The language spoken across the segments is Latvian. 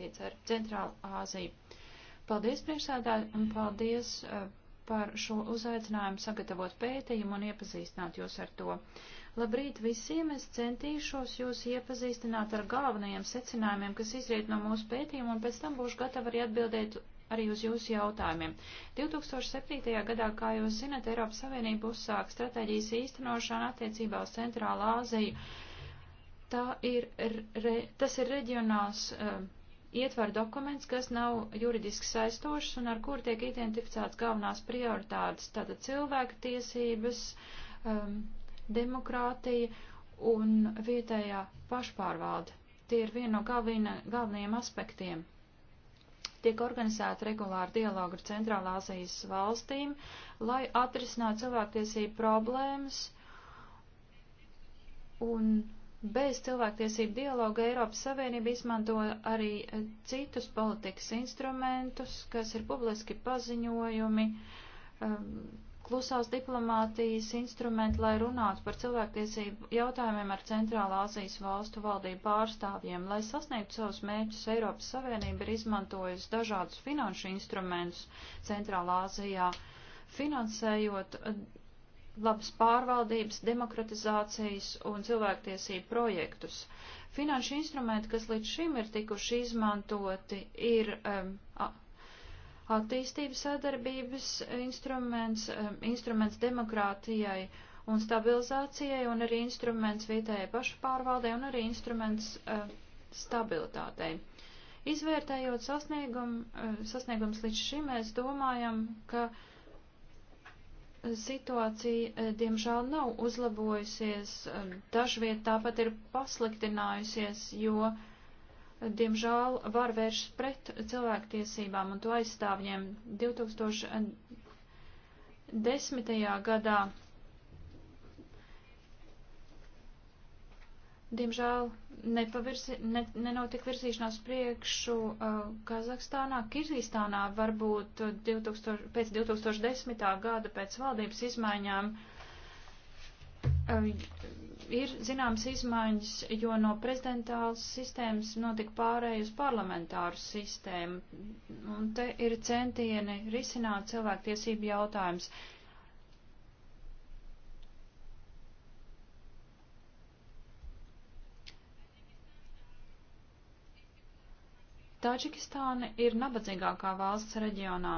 tiec ar Centrālu Āziju. Paldies priekšsēdāji un paldies uh, par šo uzaicinājumu sagatavot pētījumu un iepazīstināt jūs ar to. Labrīt visiem, es centīšos jūs iepazīstināt ar galvenajiem secinājumiem, kas izriet no mūsu pētījuma, un pēc tam būšu gatava arī atbildēt arī uz jūsu jautājumiem. 2007. gadā, kā jūs zinat, Eiropas Savienība uzsāk stratēģijas īstenošanu attiecībā uz Centrālā Āziju. Tā ir, re, tas ir reģionāls. Uh, ietver dokuments, kas nav juridiski saistošs un ar kur tiek identificēts galvenās prioritātes, tātad cilvēka tiesības, um, demokrātija un vietējā pašpārvalde. Tie ir viena no galvina, galvenajiem aspektiem. Tiek organizēta regulāra dialoga ar Centrālā Azijas valstīm, lai atrisinātu cilvēktiesību problēmas un Bez cilvēktiesību dialoga Eiropas Savienība izmanto arī eh, citus politikas instrumentus, kas ir publiski paziņojumi, ehm, klusās diplomātijas instrumenti, lai runātu par cilvēktiesību jautājumiem ar Centrālā Azijas valstu valdību pārstāvjiem. Lai sasniegtu savus mērķus, Eiropas Savienība ir izmantojusi dažādus finanšu instrumentus Centrālā Azijā, finansējot eh, labas pārvaldības, demokratizācijas un cilvēktiesību projektus. Finanšu instrumenti, kas līdz šim ir tikuši izmantoti, ir um, attīstības sadarbības instruments, um, instruments demokrātijai un stabilizācijai, un arī instruments vietējai pašpārvaldei, un arī instruments um, stabilitātei. Izvērtējot sasniegumu, um, sasniegums līdz šim, mēs domājam, ka uh, situācija, eh, diemžēl, nav uzlabojusies, eh, dažviet tāpat ir pasliktinājusies, jo, eh, diemžēl, var vērst pret cilvēktiesībām un to aizstāvjiem 2010. gadā diemžēl nepavirsi, ne, nenotika virzīšanās priekšu uh, Kazahstānā, Kirgistānā varbūt 2000, uh, pēc 2010. gada pēc valdības izmaiņām uh, ir zināms izmaiņas, jo no prezidentālas sistēmas notika pārēj uz parlamentāru sistēmu. Un te ir centieni risināt cilvēktiesību jautājums. Taģikistāna ir nabadzīgākā valsts reģionā.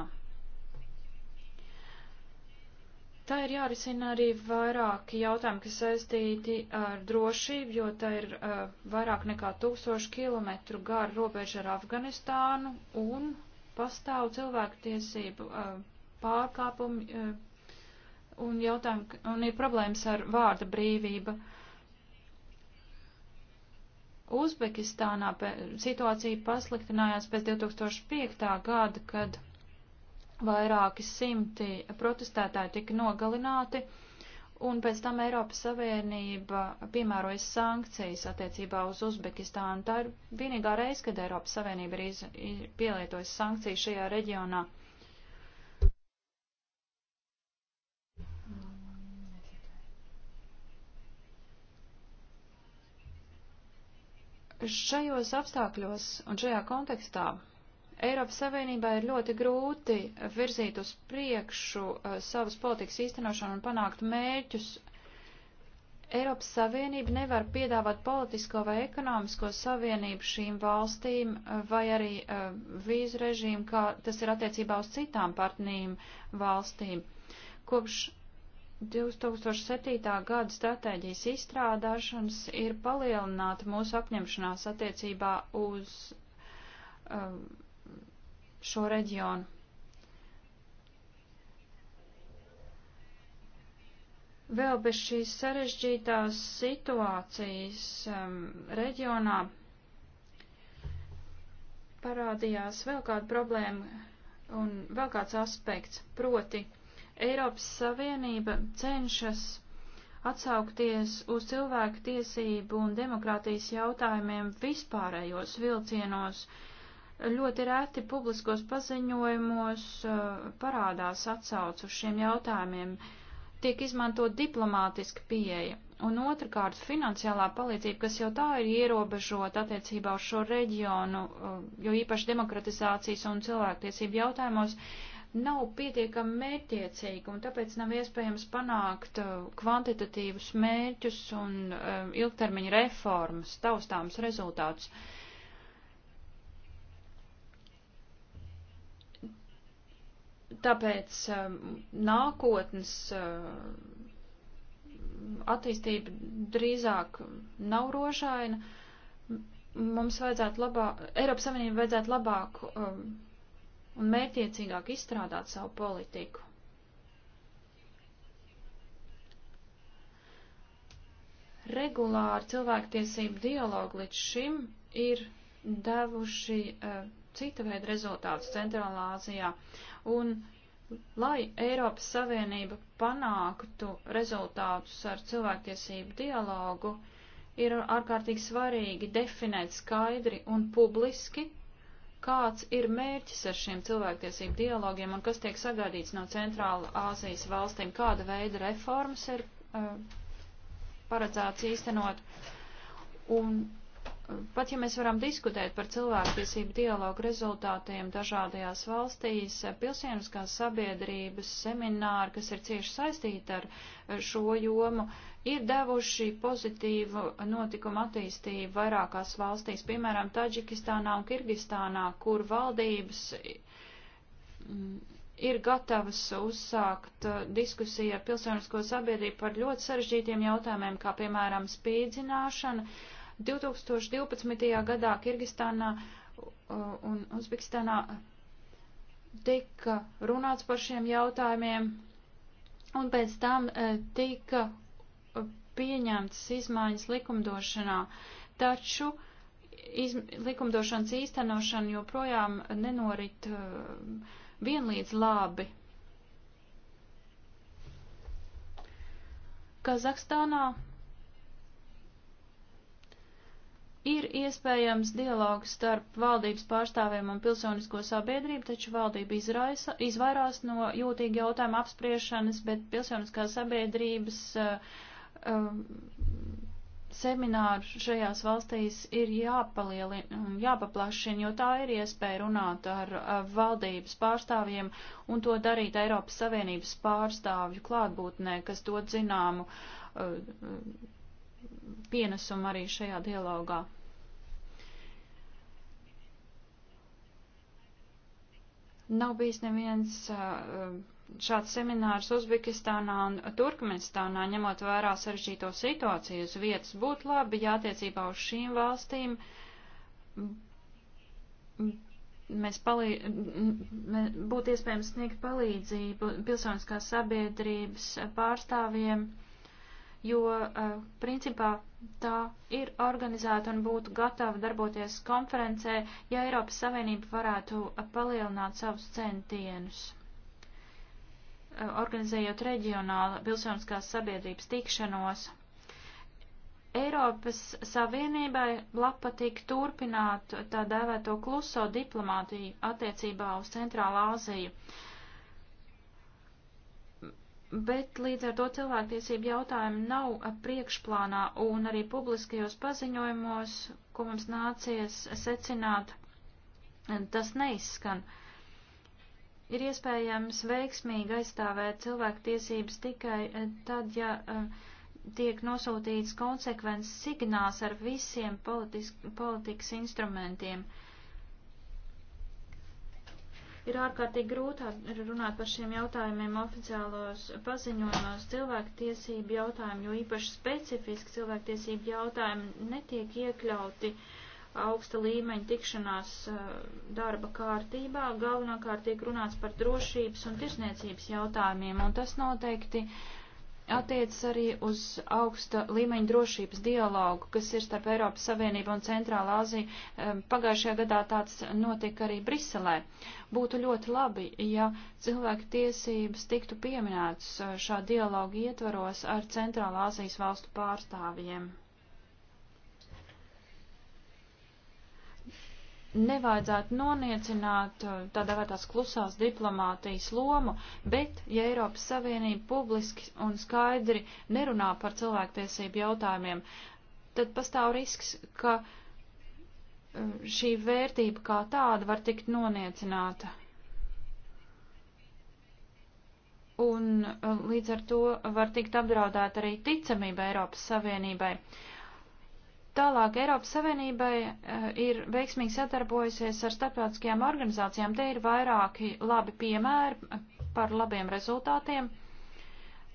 Tā ir jārisina arī vairāki jautājumi, kas saistīti ar drošību, jo tā ir uh, vairāk nekā tūkstošu kilometru gara robeža ar Afganistānu un pastāv cilvēktiesību uh, pārkāpumi uh, un, jautājumi, un ir problēmas ar vārda brīvība. Uh, Uzbekistānā situācija pasliktinājās pēc 2005. gada, kad vairāki simti protestētāji tika nogalināti, un pēc tam Eiropas Savienība piemēroja sankcijas attiecībā uz Uzbekistānu. Tā ir vienīgā reize, kad Eiropas Savienība ir, iz, ir pielietojusi sankcijas šajā reģionā. Šajos apstākļos un šajā kontekstā Eiropas Savienībā ir ļoti grūti virzīt uz priekšu uh, savas politikas īstenošanu un panākt mērķus. Eiropas Savienība nevar piedāvāt politisko vai ekonomisko savienību šīm valstīm eh, vai arī uh, vīzu režīmu, kā tas ir attiecībā uz citām partnīm valstīm. Kopš 2007. gada stratēģijas izstrādāšanas ir palielināta mūsu apņemšanās attiecībā uz um, šo reģionu. Vēl bez šīs sarežģītās situācijas um, reģionā parādījās vēl kāda problēma un vēl kāds aspekts, proti Eiropas Savienība cenšas atsaukties uz cilvēku tiesību un demokrātijas jautājumiem vispārējos vilcienos. Ļoti reti publiskos paziņojumos uh, parādās atsauc uz šiem jautājumiem, tiek izmantot diplomātiska pieeja, un otrkārt finansiālā palīdzība, kas jau tā ir ierobežota attiecībā uz šo reģionu, uh, jo īpaši demokratizācijas un cilvēktiesību jautājumos, nav pietiekami mērķiecīga, un tāpēc nav iespējams panākt uh, kvantitatīvus mērķus un um, ilgtermiņa reformas, taustāms rezultātus. Tāpēc um, nākotnes um, attīstība drīzāk nav rožaina. Mums vajadzētu labāk, Eiropas Savienība vajadzētu labāk um, un mērķiecīgāk izstrādāt savu politiku. Regulāri cilvēktiesību dialogu līdz šim ir devuši uh, cita veida rezultātus Centrālā Āzijā, un lai Eiropas Savienība panāktu rezultātus ar cilvēktiesību dialogu, ir ārkārtīgi svarīgi definēt skaidri un publiski kāds ir mērķis ar šiem cilvēktiesību dialogiem un kas tiek sagaidīts no Centrāla Āzijas valstīm, kāda veida reformas ir uh, paredzēts īstenot. Un pat ja mēs varam diskutēt par cilvēktiesību dialogu rezultātiem dažādajās valstīs, pilsieniskās sabiedrības semināri, kas ir cieši saistīti ar šo jomu, ir devuši pozitīvu notikumu attīstību vairākās valstīs, piemēram, Taģikistānā un Kirgistānā, kur valdības mm, ir gatavas uzsākt uh, diskusiju ar pilsonisko sabiedrību par ļoti sarežģītiem jautājumiem, kā piemēram spīdzināšana, 2012. gadā Kirgistānā un Uzbekistānā tika runāts par šiem jautājumiem, un pēc tam e, tika pieņemtas izmaiņas likumdošanā. Taču iz, likumdošanas īstenošana joprojām nenorit uh, vienlīdz labi. Kazahstānā Ir iespējams dialogs starp valdības pārstāvjiem un pilsonisko sabiedrību, taču valdība izraisa, izvairās no jūtīga jautājuma apspriešanas, bet pilsoniskā sabiedrības uh, um, semināru šajās valstīs ir jāpalielina un jāpaplašina, jo tā ir iespēja runāt ar, ar eh, valdības pārstāvjiem un to darīt Eiropas Savienības pārstāvju klātbūtnē, kas dod zināmu. Uh, pienesumu arī šajā dialogā. Nav bijis neviens uh, šāds seminārs Uzbekistānā un Turkmenistānā, ņemot vērā sarežģīto situāciju uz vietas. Būtu labi, ja attiecībā uz šīm valstīm mēs palīd... būtu iespējams sniegt palīdzību pilsoniskās sabiedrības pārstāvjiem jo uh, principā tā ir organizēta un būtu gatava darboties konferencē, ja Eiropas Savienība varētu uh, palielināt savus centienus, uh, organizējot reģionāla pilsoniskās sabiedrības tikšanos. Eiropas Savienībai labpatīk turpināt tā dēvēto kluso diplomātiju attiecībā uz Centrālā Āziju. Uh, Bet līdz ar to cilvēktiesību jautājumi nav priekšplānā un arī publiskajos paziņojumos, ko mums nācies secināt, tas neizskan. Ir iespējams veiksmīgi aizstāvēt cilvēktiesības tikai tad, ja eh, tiek nosūtīts konsekvences signāls ar visiem politisk, politikas instrumentiem. Uh, Ir ārkārtīgi grūti runāt par šiem jautājumiem oficiālos paziņojumos. Cilvēktiesību jautājumi, jo īpaši specifiski cilvēktiesību jautājumi netiek iekļauti augsta līmeņa tikšanās eh, darba kārtībā. Galvenokārt tiek runāts par drošības un tirsniecības jautājumiem, un tas noteikti uh, attiecas arī uz augsta līmeņa drošības dialogu, kas ir starp Eiropas Savienību un Centrālā Aziju. Pagājušajā gadā tāds notika arī Briselē. Būtu ļoti labi, ja cilvēku tiesības tiktu pieminētas eh, šā dialogu ietvaros ar Centrālā Azijas valstu pārstāvjiem. nevajadzētu noniecināt eh, tādā vai tās klusās diplomātijas lomu, bet, ja Eiropas Savienība publiski un skaidri nerunā par cilvēktiesību jautājumiem, tad pastāv risks, ka eh, šī vērtība kā tāda var tikt noniecināta. Un eh, līdz ar to var tikt apdraudēta arī ticamība Eiropas Savienībai. Uh, Tālāk Eiropas Savienībai uh, ir veiksmīgi sadarbojusies ar starptautiskajām organizācijām. Te ir vairāki labi piemēri par labiem rezultātiem. Uh,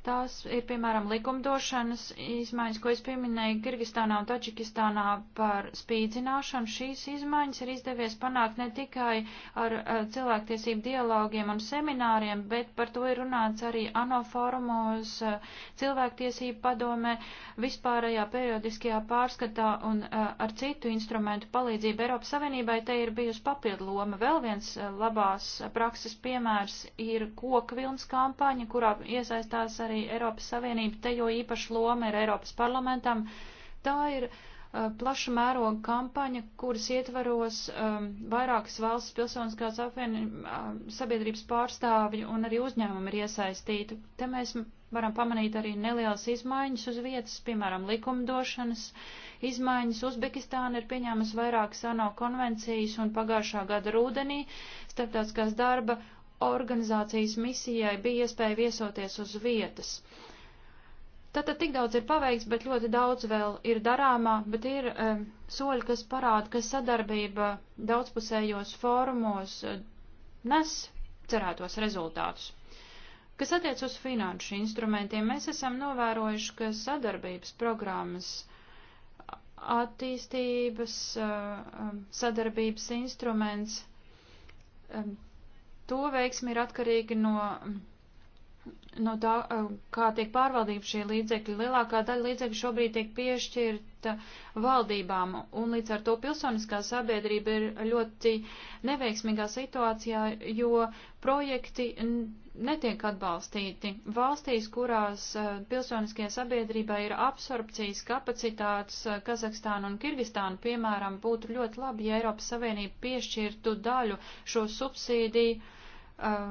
Tās ir, piemēram, likumdošanas izmaiņas, ko es pieminēju Kirgistānā un Tačikistānā par spīdzināšanu. Šīs izmaiņas ir izdevies panākt ne tikai ar, ar eh, cilvēktiesību dialogiem un semināriem, bet par to ir runāts arī ANO fórumos, eh, cilvēktiesību padomē, vispārējā periodiskajā pārskatā un eh, ar citu instrumentu palīdzību Eiropas Savienībai. Te ir bijusi papildu loma. Vēl viens labās prakses piemērs ir kokvilns kampaņa, kurā iesaistās arī arī Eiropas Savienība, te jo īpaši loma ir Eiropas parlamentam. Tā ir uh, plaša mēroga kampaņa, kuras ietvaros um, vairākas valsts pilsoniskās apvienības um, sabiedrības pārstāvji un arī uzņēmumi ir iesaistīti. Te mēs varam pamanīt arī nelielas izmaiņas uz vietas, piemēram, likumdošanas izmaiņas. Uzbekistāna ir pieņēmusi vairākas ANO konvencijas un pagājušā gada rudenī starptautiskās darba organizācijas misijai bija iespēja viesoties uz vietas. Tātad tik daudz ir paveikts, bet ļoti daudz vēl ir darāmā, bet ir um, soļi, kas parāda, ka sadarbība daudzpusējos fórumos eh, nes cerētos rezultātus. Kas attiec uz finanšu instrumentiem, mēs esam novērojuši, ka sadarbības programmas attīstības eh, sadarbības instruments to veiksmi ir atkarīgi no, no tā, eh, kā tiek pārvaldīta šie līdzekļi. Lielākā daļa līdzekļu šobrīd tiek piešķirta valdībām, un līdz ar to pilsoniskā sabiedrība ir ļoti neveiksmīgā situācijā, jo projekti netiek atbalstīti. Valstīs, kurās eh, pilsoniskajā sabiedrībā ir absorpcijas kapacitātes, eh, Kazahstāna un Kirgistāna, piemēram, būtu ļoti labi, ja Eiropas Savienība piešķirtu daļu šo subsīdiju uh,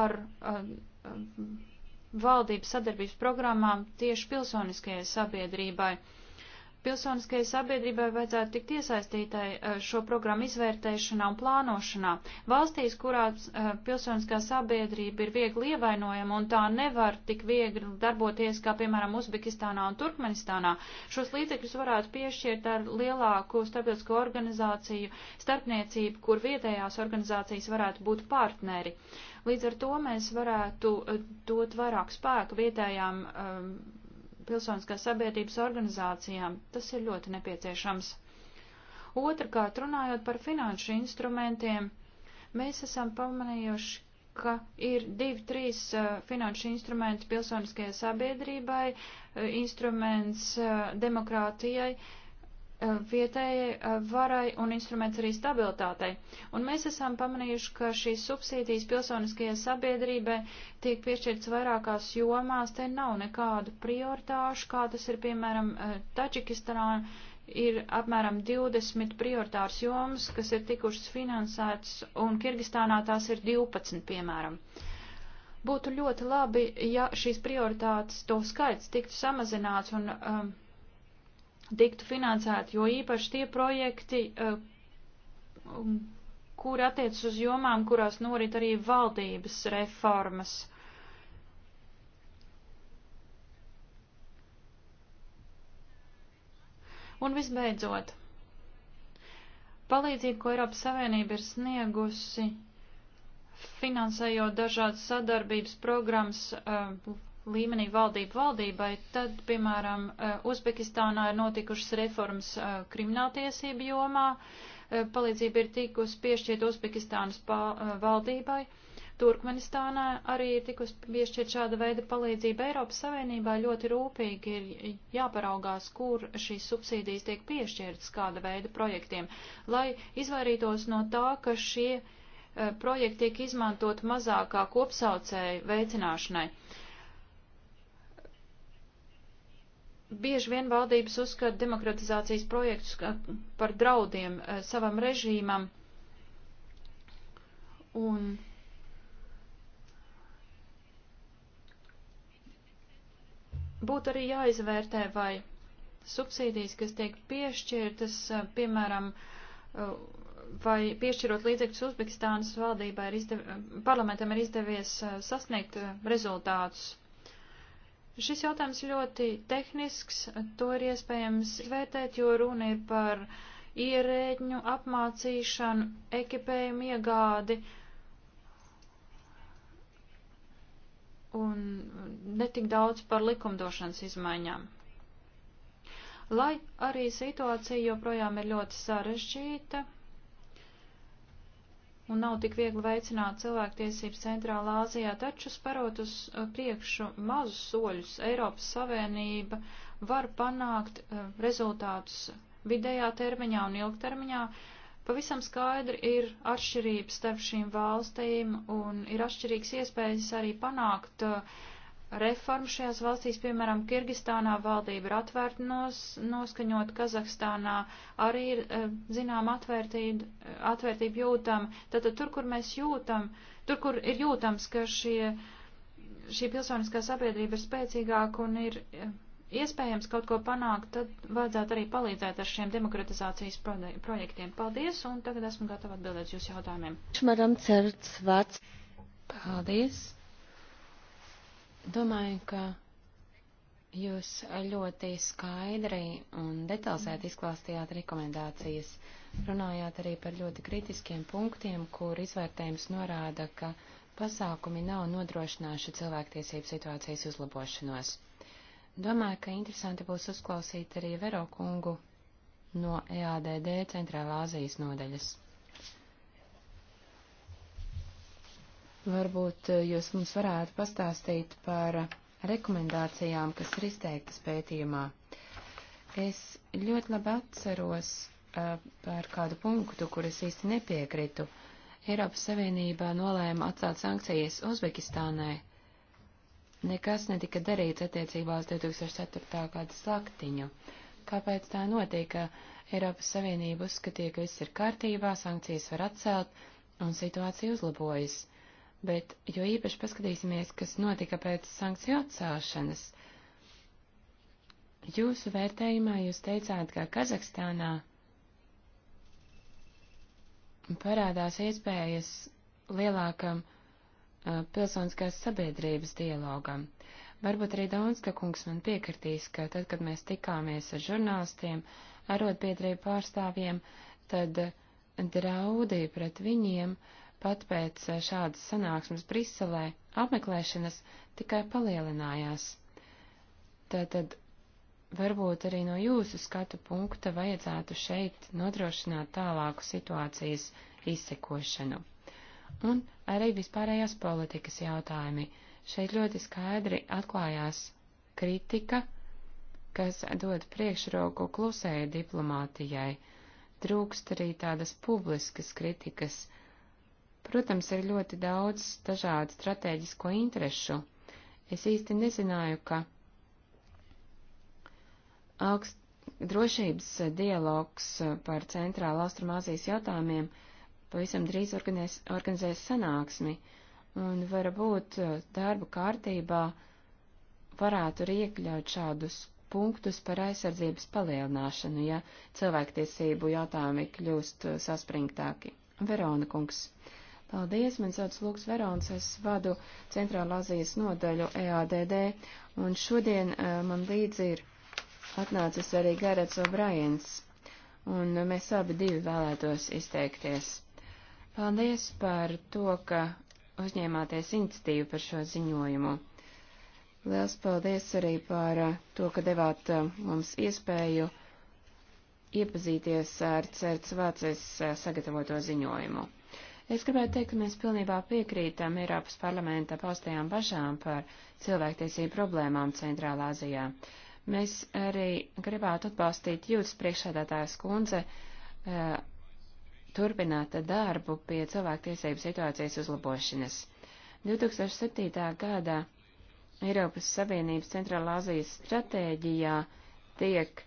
ar uh, valdības sadarbības programmām tieši pilsoniskajai sabiedrībai. Uh, Pilsoniskajai sabiedrībai vajadzētu tikt iesaistītai eh, šo programmu izvērtēšanā un plānošanā. Valstīs, kurās eh, pilsoniskā sabiedrība ir viegli ievainojama un tā nevar tik viegli darboties kā, piemēram, Uzbekistānā un Turkmenistānā, šos līdzekļus varētu piešķirt ar lielāku starptautisko organizāciju starpniecību, kur vietējās organizācijas varētu būt partneri. Līdz ar to mēs varētu eh, dot vairāk spēku vietējām. Um, pilsoniskās sabiedrības organizācijām. Tas ir ļoti nepieciešams. Otrakārt, runājot par finanšu instrumentiem, mēs esam pamanījuši, ka ir divi, trīs uh, finanšu instrumenti pilsoniskajai sabiedrībai, uh, instruments uh, demokrātijai, uh, Eh, vietējai eh, varai un instruments arī stabilitātei. Un mēs esam pamanījuši, ka šīs subsīdijas pilsoniskajai sabiedrībai tiek piešķirts vairākās jomās, te nav nekādu prioritāšu, kā tas ir piemēram eh, Taģikistanā, ir apmēram 20 prioritārs jomas, kas ir tikušas finansētas, un Kirgistānā tās ir 12, piemēram. Būtu ļoti labi, ja šīs prioritātes to skaits tiktu samazināts un um, tiktu finansēti, jo īpaši tie projekti, eh, um, kuri attiecas uz jomām, kurās norit arī valdības reformas. Un visbeidzot, palīdzību, ko Eiropas Savienība ir sniegusi, finansējot dažādas sadarbības programmas, eh, līmenī valdību valdībai, tad, piemēram, eh, Uzbekistānā ir notikušas reformas eh, krimināltiesību jomā, eh, palīdzība ir tikus piešķiet Uzbekistānas valdībai, Turkmenistānā arī ir tikus piešķiet šāda veida palīdzība Eiropas Savienībā ļoti rūpīgi ir jāparaugās, kur šīs subsīdijas tiek piešķirtas kāda veida projektiem, lai izvairītos no tā, ka šie projekti tiek izmantot mazākā kopsaucēja veicināšanai. bieži vien valdības uzskata demokratizācijas projektus par draudiem eh, savam režīmam. Un būtu arī jāizvērtē, vai subsīdijas, kas tiek piešķirtas, eh, piemēram, eh, vai piešķirot līdzekļus Uzbekistānas valdībai, ir izdev... parlamentam ir izdevies sasniegt rezultātus Šis jautājums ļoti tehnisks, to ir iespējams vērtēt, jo runa ir par ierēģņu apmācīšanu, ekipējumu iegādi un netik daudz par likumdošanas izmaiņām. Lai arī situācija joprojām ir ļoti sarežģīta, un nav tik viegli veicināt cilvēktiesības centrālā Āzijā, taču sparot uz eh, priekšu mazus soļus, Eiropas Savienība var panākt eh, rezultātus vidējā termiņā un ilgtermiņā. Pavisam skaidri ir atšķirības starp šīm valstīm un ir atšķirīgs iespējas arī panākt uh, reformu šajās valstīs, piemēram, Kirgistānā valdība ir atvērta nos, noskaņot, Kazahstānā arī ir, eh, zinām, atvērtība, atvērtība jūtama. Tātad tur, kur mēs jūtam, tur, kur ir jūtams, ka šie, šī pilsoniskā sabiedrība ir spēcīgāka un ir eh, iespējams kaut ko panākt, tad vajadzētu arī palīdzēt ar šiem demokratizācijas projektiem. Paldies, un tagad esmu gatava atbildēt jūsu jautājumiem. Paldies. Domāju, ka jūs ļoti skaidri un detalizēti izklāstījāt rekomendācijas. Runājāt arī par ļoti kritiskiem punktiem, kur izvērtējums norāda, ka pasākumi nav nodrošinājuši cilvēktiesību situācijas uzlabošanos. Domāju, ka interesanti būs uzklausīt arī Vero kungu no EADD Centrālā Azijas nodaļas. Varbūt eh, jūs mums varētu pastāstīt par rekomendācijām, kas ir izteiktas pētījumā. Es ļoti labi atceros uh, par kādu punktu, kur es īsti nepiekrītu. Eiropas Savienība nolēma atcelt sankcijas Uzbekistānai. Nekas netika darīts attiecībā uz 2004. gada slaktiņu. Kāpēc tā notika? Eiropas Savienība uzskatīja, ka viss ir kārtībā, sankcijas var atcelt un situācija uzlabojas bet jo īpaši paskatīsimies, kas notika pēc sankciju atcelšanas. Jūsu vērtējumā jūs teicāt, ka Kazahstānā parādās iespējas lielākam uh, pilsoniskās sabiedrības dialogam. Varbūt arī Daunska kungs man piekritīs, ka tad, kad mēs tikāmies ar žurnālistiem, arotbiedrību pārstāvjiem, tad draudi pret viņiem uh, pat pēc eh, šādas sanāksmes Briselē apmeklēšanas tikai palielinājās. Tātad varbūt arī no jūsu skatu punkta vajadzētu šeit nodrošināt tālāku situācijas izsekošanu. Un arī vispārējās politikas jautājumi. Šeit ļoti skaidri atklājās kritika, kas dod priekšroku klusēja diplomātijai. Trūkst arī tādas publiskas kritikas, Protams, ir ļoti daudz dažādu strateģisko interešu. Es īsti nezināju, ka augst drošības dialogs par centrāla austrumāzijas jautājumiem pavisam drīz organizēs, organizēs sanāksmi, un varbūt uh, darba kārtībā varētu arī iekļaut šādus punktus par aizsardzības palielināšanu, ja cilvēktiesību jautājumi kļūst uh, saspringtāki. Verona kungs. Uh, Paldies, man sauc Lūks Verons, es vadu Centrāla Azijas nodaļu EADD, un šodien uh, man līdzi ir atnācis arī Garets O'Briens, un mēs abi divi vēlētos izteikties. Paldies par to, ka uzņēmāties iniciatīvu par šo ziņojumu. Liels paldies arī par uh, to, ka devāt uh, mums iespēju iepazīties ar Certs Vācis sagatavoto ziņojumu. Es gribētu teikt, ka mēs pilnībā piekrītam Eiropas parlamenta paustajām bažām par cilvēktiesību problēmām Centrālā Azijā. Mēs arī gribētu atbalstīt jūtas priekšsēdētājas kundze e, turpināt darbu pie cilvēktiesību situācijas uzlabošanas. 2007. gadā Eiropas Savienības Centrālā Azijas stratēģijā tiek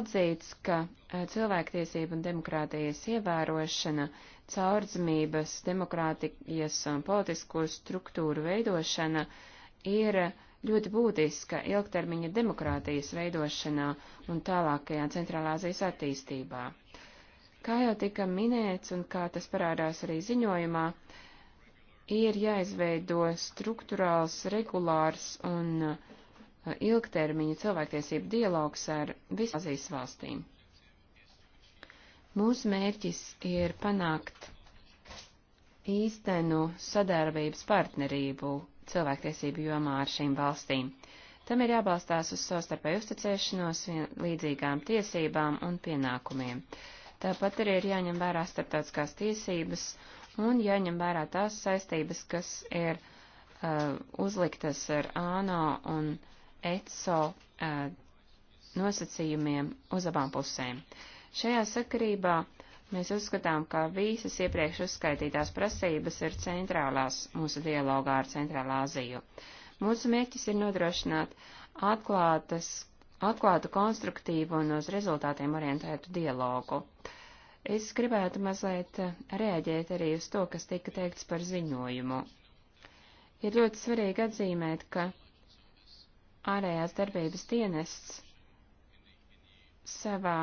atzīts, ka eh, cilvēktiesību un demokrātijas ievērošana uh, caurdzamības, demokrātijas un politisko struktūru veidošana ir ļoti būtiska ilgtermiņa demokrātijas veidošanā un tālākajā centrālāzijas attīstībā. Kā jau tika minēts un kā tas parādās arī ziņojumā, ir jāizveido strukturāls, regulārs un uh, ilgtermiņa cilvēktiesību dialogs ar visām Azijas valstīm. Mūsu mērķis ir panākt īstenu sadarbības partnerību cilvēktiesību jomā ar šīm valstīm. Tam ir jābalstās uz savstarpēju uzticēšanos, līdzīgām tiesībām un pienākumiem. Tāpat arī ir jāņem vērā starptautiskās tiesības un jāņem vērā tās saistības, kas ir uh, uzliktas ar ANO un ECO uh, nosacījumiem uz abām pusēm. Uh, Šajā sakarībā mēs uzskatām, ka visas iepriekš uzskaitītās prasības ir centrālās mūsu dialogā ar Centrālā Aziju. Mūsu mērķis ir nodrošināt atklātas, atklātu konstruktīvu un uz rezultātiem orientētu dialogu. Es gribētu mazliet reaģēt arī uz to, kas tika teikts par ziņojumu. Ir ļoti svarīgi atzīmēt, ka ārējās darbības dienests savā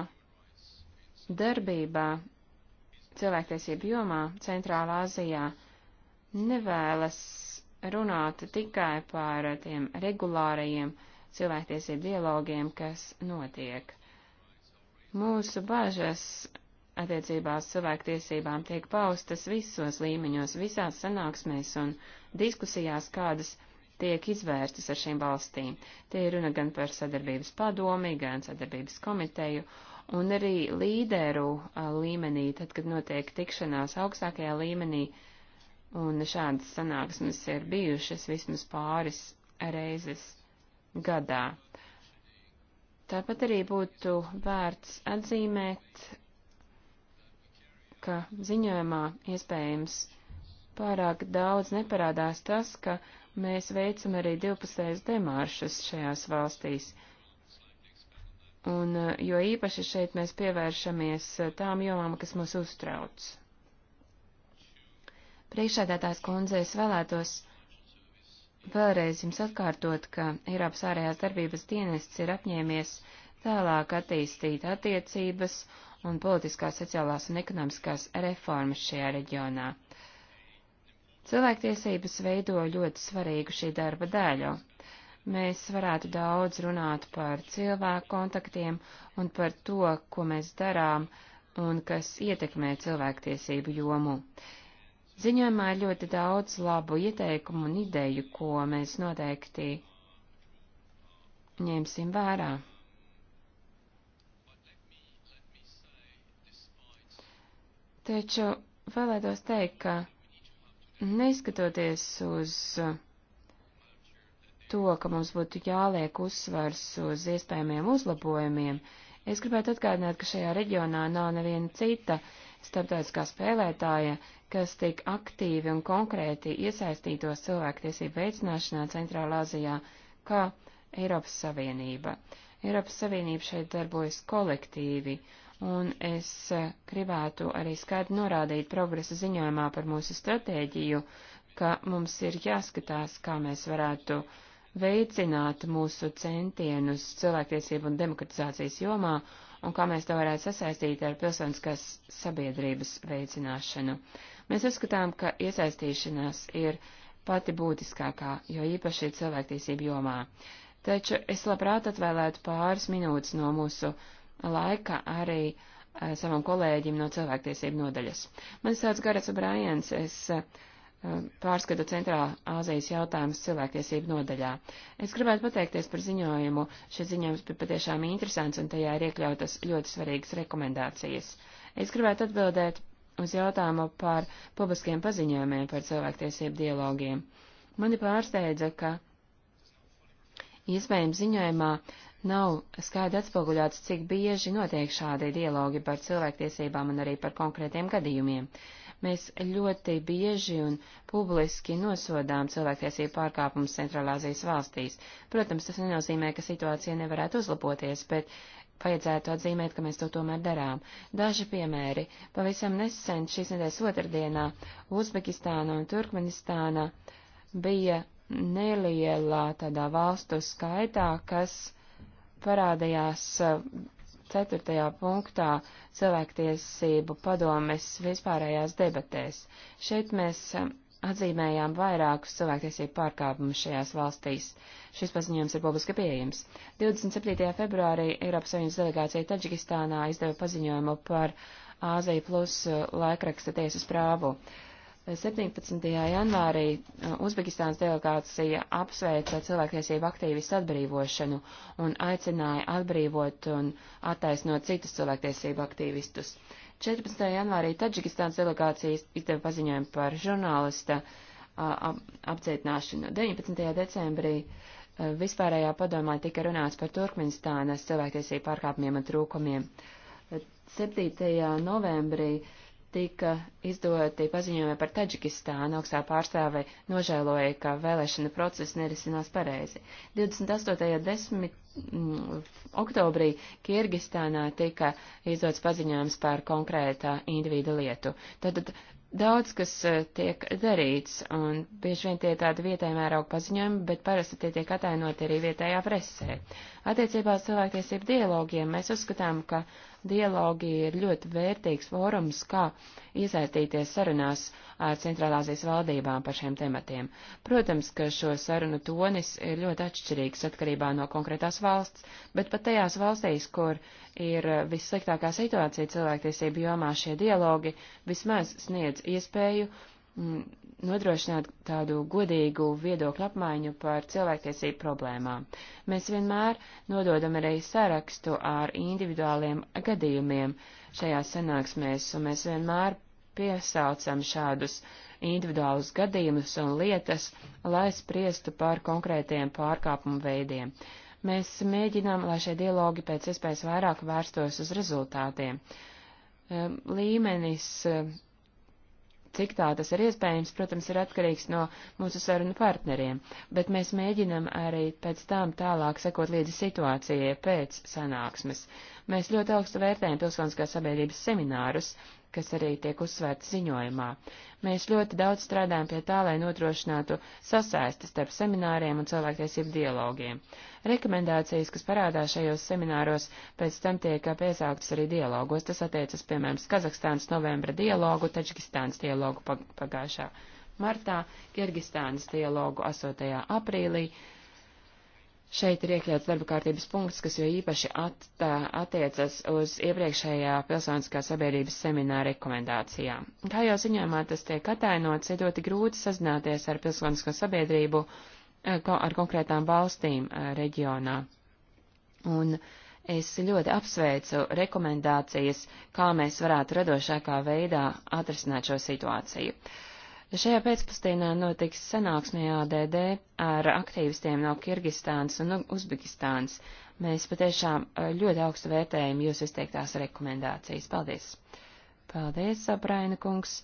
darbībā cilvēktiesību jomā Centrālā Azijā nevēlas runāt tikai par tiem regulārajiem cilvēktiesību dialogiem, kas notiek. Mūsu bažas attiecībās cilvēktiesībām tiek paustas visos līmeņos, visās sanāksmēs un diskusijās, kādas tiek izvērstas ar šīm valstīm. Tie ir runa gan par sadarbības padomi, gan sadarbības komiteju un arī līderu līmenī, tad, kad notiek tikšanās augstākajā līmenī, un šādas sanāksmes ir bijušas vismaz pāris reizes gadā. Tāpat arī būtu vērts atzīmēt, ka ziņojumā iespējams pārāk daudz neparādās tas, ka mēs veicam arī divpusējas demāršas šajās valstīs. Uh, Un, eh, jo īpaši šeit mēs pievēršamies eh, tām jomām, kas mūs uztrauc. Priekšādātās kundze, es vēlētos vēlreiz jums atkārtot, ka Eiropas ārējās darbības dienests ir apņēmies tālāk attīstīt attiecības un politiskās, sociālās un ekonomiskās reformas šajā reģionā. Cilvēktiesības veido ļoti svarīgu šī darba daļu, mēs varētu daudz runāt par cilvēku kontaktiem un par to, ko mēs darām un kas ietekmē cilvēktiesību jomu. Ziņojumā ir ļoti daudz labu ieteikumu un ideju, ko mēs noteikti ņemsim vērā. Taču vēlētos teikt, ka neskatoties uz uh, to, ka mums būtu jāliek uzsvars uz iespējamiem uzlabojumiem, es gribētu atgādināt, ka šajā reģionā nav neviena cita starptautiskā spēlētāja, kas tik aktīvi un konkrēti iesaistītos cilvēktiesību veicināšanā Centrālā Azijā, kā Eiropas Savienība. Eiropas Savienība šeit darbojas kolektīvi, un es eh, gribētu arī skaidri norādīt progresa ziņojumā par mūsu stratēģiju, ka mums ir jāskatās, kā mēs varētu uh, veicināt mūsu centienus cilvēktiesību un demokratizācijas jomā un kā mēs to varētu sasaistīt ar pilsoniskās sabiedrības veicināšanu. Mēs uzskatām, ka iesaistīšanās ir pati būtiskākā, jo īpaši cilvēktiesību jomā. Taču es labprāt atvēlētu pāris minūtes no mūsu laika arī eh, savam kolēģim no cilvēktiesību nodaļas. Mani sauc Garats Brājans, es eh, Um, pārskata centrāla Āzijas jautājumus cilvēktiesību nodaļā. Es gribētu pateikties par ziņojumu. Šis ziņojums bija patiešām interesants un tajā ir iekļautas ļoti svarīgas rekomendācijas. Es gribētu atbildēt uz jautājumu par publiskiem paziņojumiem par cilvēktiesību dialogiem. Mani pārsteidza, ka iespējams ziņojumā nav skaidri atspoguļots, cik bieži notiek šādi dialogi par cilvēktiesībām un arī par konkrētiem gadījumiem. Mēs ļoti bieži un publiski nosodām cilvēktiesību pārkāpumus Centrālāzijas valstīs. Protams, tas nenozīmē, ka situācija nevarētu uzlaboties, bet vajadzētu atzīmēt, ka mēs to tomēr darām. Daži piemēri. Pavisam nesen šīs nedēļas otrdienā Uzbekistāna un Turkmenistāna bija nelielā tādā valstu skaitā, kas parādījās ceturtajā punktā cilvēktiesību padomes vispārējās debatēs. Šeit mēs um, atzīmējām vairākus cilvēktiesību pārkāpumus šajās valstīs. Šis paziņojums ir publiski pieejams. 27. februārī Eiropas Savienības delegācija Taģikistānā izdeva paziņojumu par Āzija plus uh, laikraksta tiesas prāvu. Uh, 17. janvārī uh, Uzbekistānas delegācija apsveica cilvēktiesību aktīvistu atbrīvošanu un aicināja atbrīvot un attaisnot citus cilvēktiesību aktīvistus. 14. janvārī Taģikistānas delegācija izdeva paziņojumu par žurnālista uh, apcietināšanu. 19. decembrī uh, vispārējā padomā tika runāts par Turkmenistānas cilvēktiesību pārkāpumiem un trūkumiem. 7. novembrī uh, tika izdoti paziņojumi par Taģikistānu, augstā pārstāve nožēloja, ka vēlēšana process nerisinās pareizi. 28.10. Mm, oktobrī Kirgistānā tika izdots paziņojums par konkrētā individu lietu. Tātad Daudz, kas eh, tiek darīts, un bieži vien tie ir tādi vietēji mēroga paziņojumi, bet parasti tie tiek atainoti arī vietējā presē. Attiecībā uz cilvēktiesību dialogiem mēs uzskatām, ka dialogi ir ļoti vērtīgs fórums, kā iesaistīties sarunās ar Centrālāzijas valdībām par šiem tematiem. Protams, ka šo sarunu tonis ir ļoti atšķirīgs atkarībā no konkrētās valsts, bet pat tajās valstīs, kur ir vissliktākā situācija cilvēktiesību jomā, šie dialogi vismaz sniedz dod iespēju mm, nodrošināt tādu godīgu viedokļu apmaiņu par cilvēktiesību problēmām. Mēs vienmēr nododam arī sarakstu ar individuāliem gadījumiem šajās sanāksmēs, un mēs vienmēr piesaucam šādus individuālus gadījumus un lietas, lai spriestu par konkrētiem pārkāpumu veidiem. Mēs mēģinām, lai šie dialogi pēc iespējas vairāk vērstos uz rezultātiem. Ehm, līmenis Cik tā tas ir iespējams, protams, ir atkarīgs no mūsu sarunu partneriem, bet mēs mēģinam arī pēc tam tālāk sekot līdzi situācijai pēc sanāksmes. Mēs ļoti augstu vērtējam pilsoniskās sabiedrības seminārus, kas arī tiek uzsvērta ziņojumā. Mēs ļoti daudz strādājam pie tā, lai notrošinātu sasaisti starp semināriem un cilvēktiesību dialogiem. Rekomendācijas, kas parādās šajos semināros, pēc tam tiek piesauktas arī dialogos. Tas attiecas, piemēram, Kazahstānas novembra dialogu, Taģikistānas dialogu pagājušā martā, Kirgistānas dialogu 8. aprīlī, Šeit ir iekļauts darba kārtības punkts, kas jo īpaši attā, attiecas uz iepriekšējā pilsoniskā sabiedrības semināra rekomendācijām. Kā jau ziņojumā tas tiek atainots, ir ļoti grūti sazināties ar pilsonisko sabiedrību eh, ar konkrētām valstīm eh, reģionā. Un es ļoti apsveicu rekomendācijas, kā mēs varētu radošākā veidā atrisināt šo situāciju. Uh, Šajā pēcpusdienā notiks sanāksmē ADD ar aktīvistiem no Kirgistānas un Uzbekistānas. Mēs patiešām eh, ļoti augstu vērtējam jūs izteiktās rekomendācijas. Paldies! Paldies, Abraina kungs!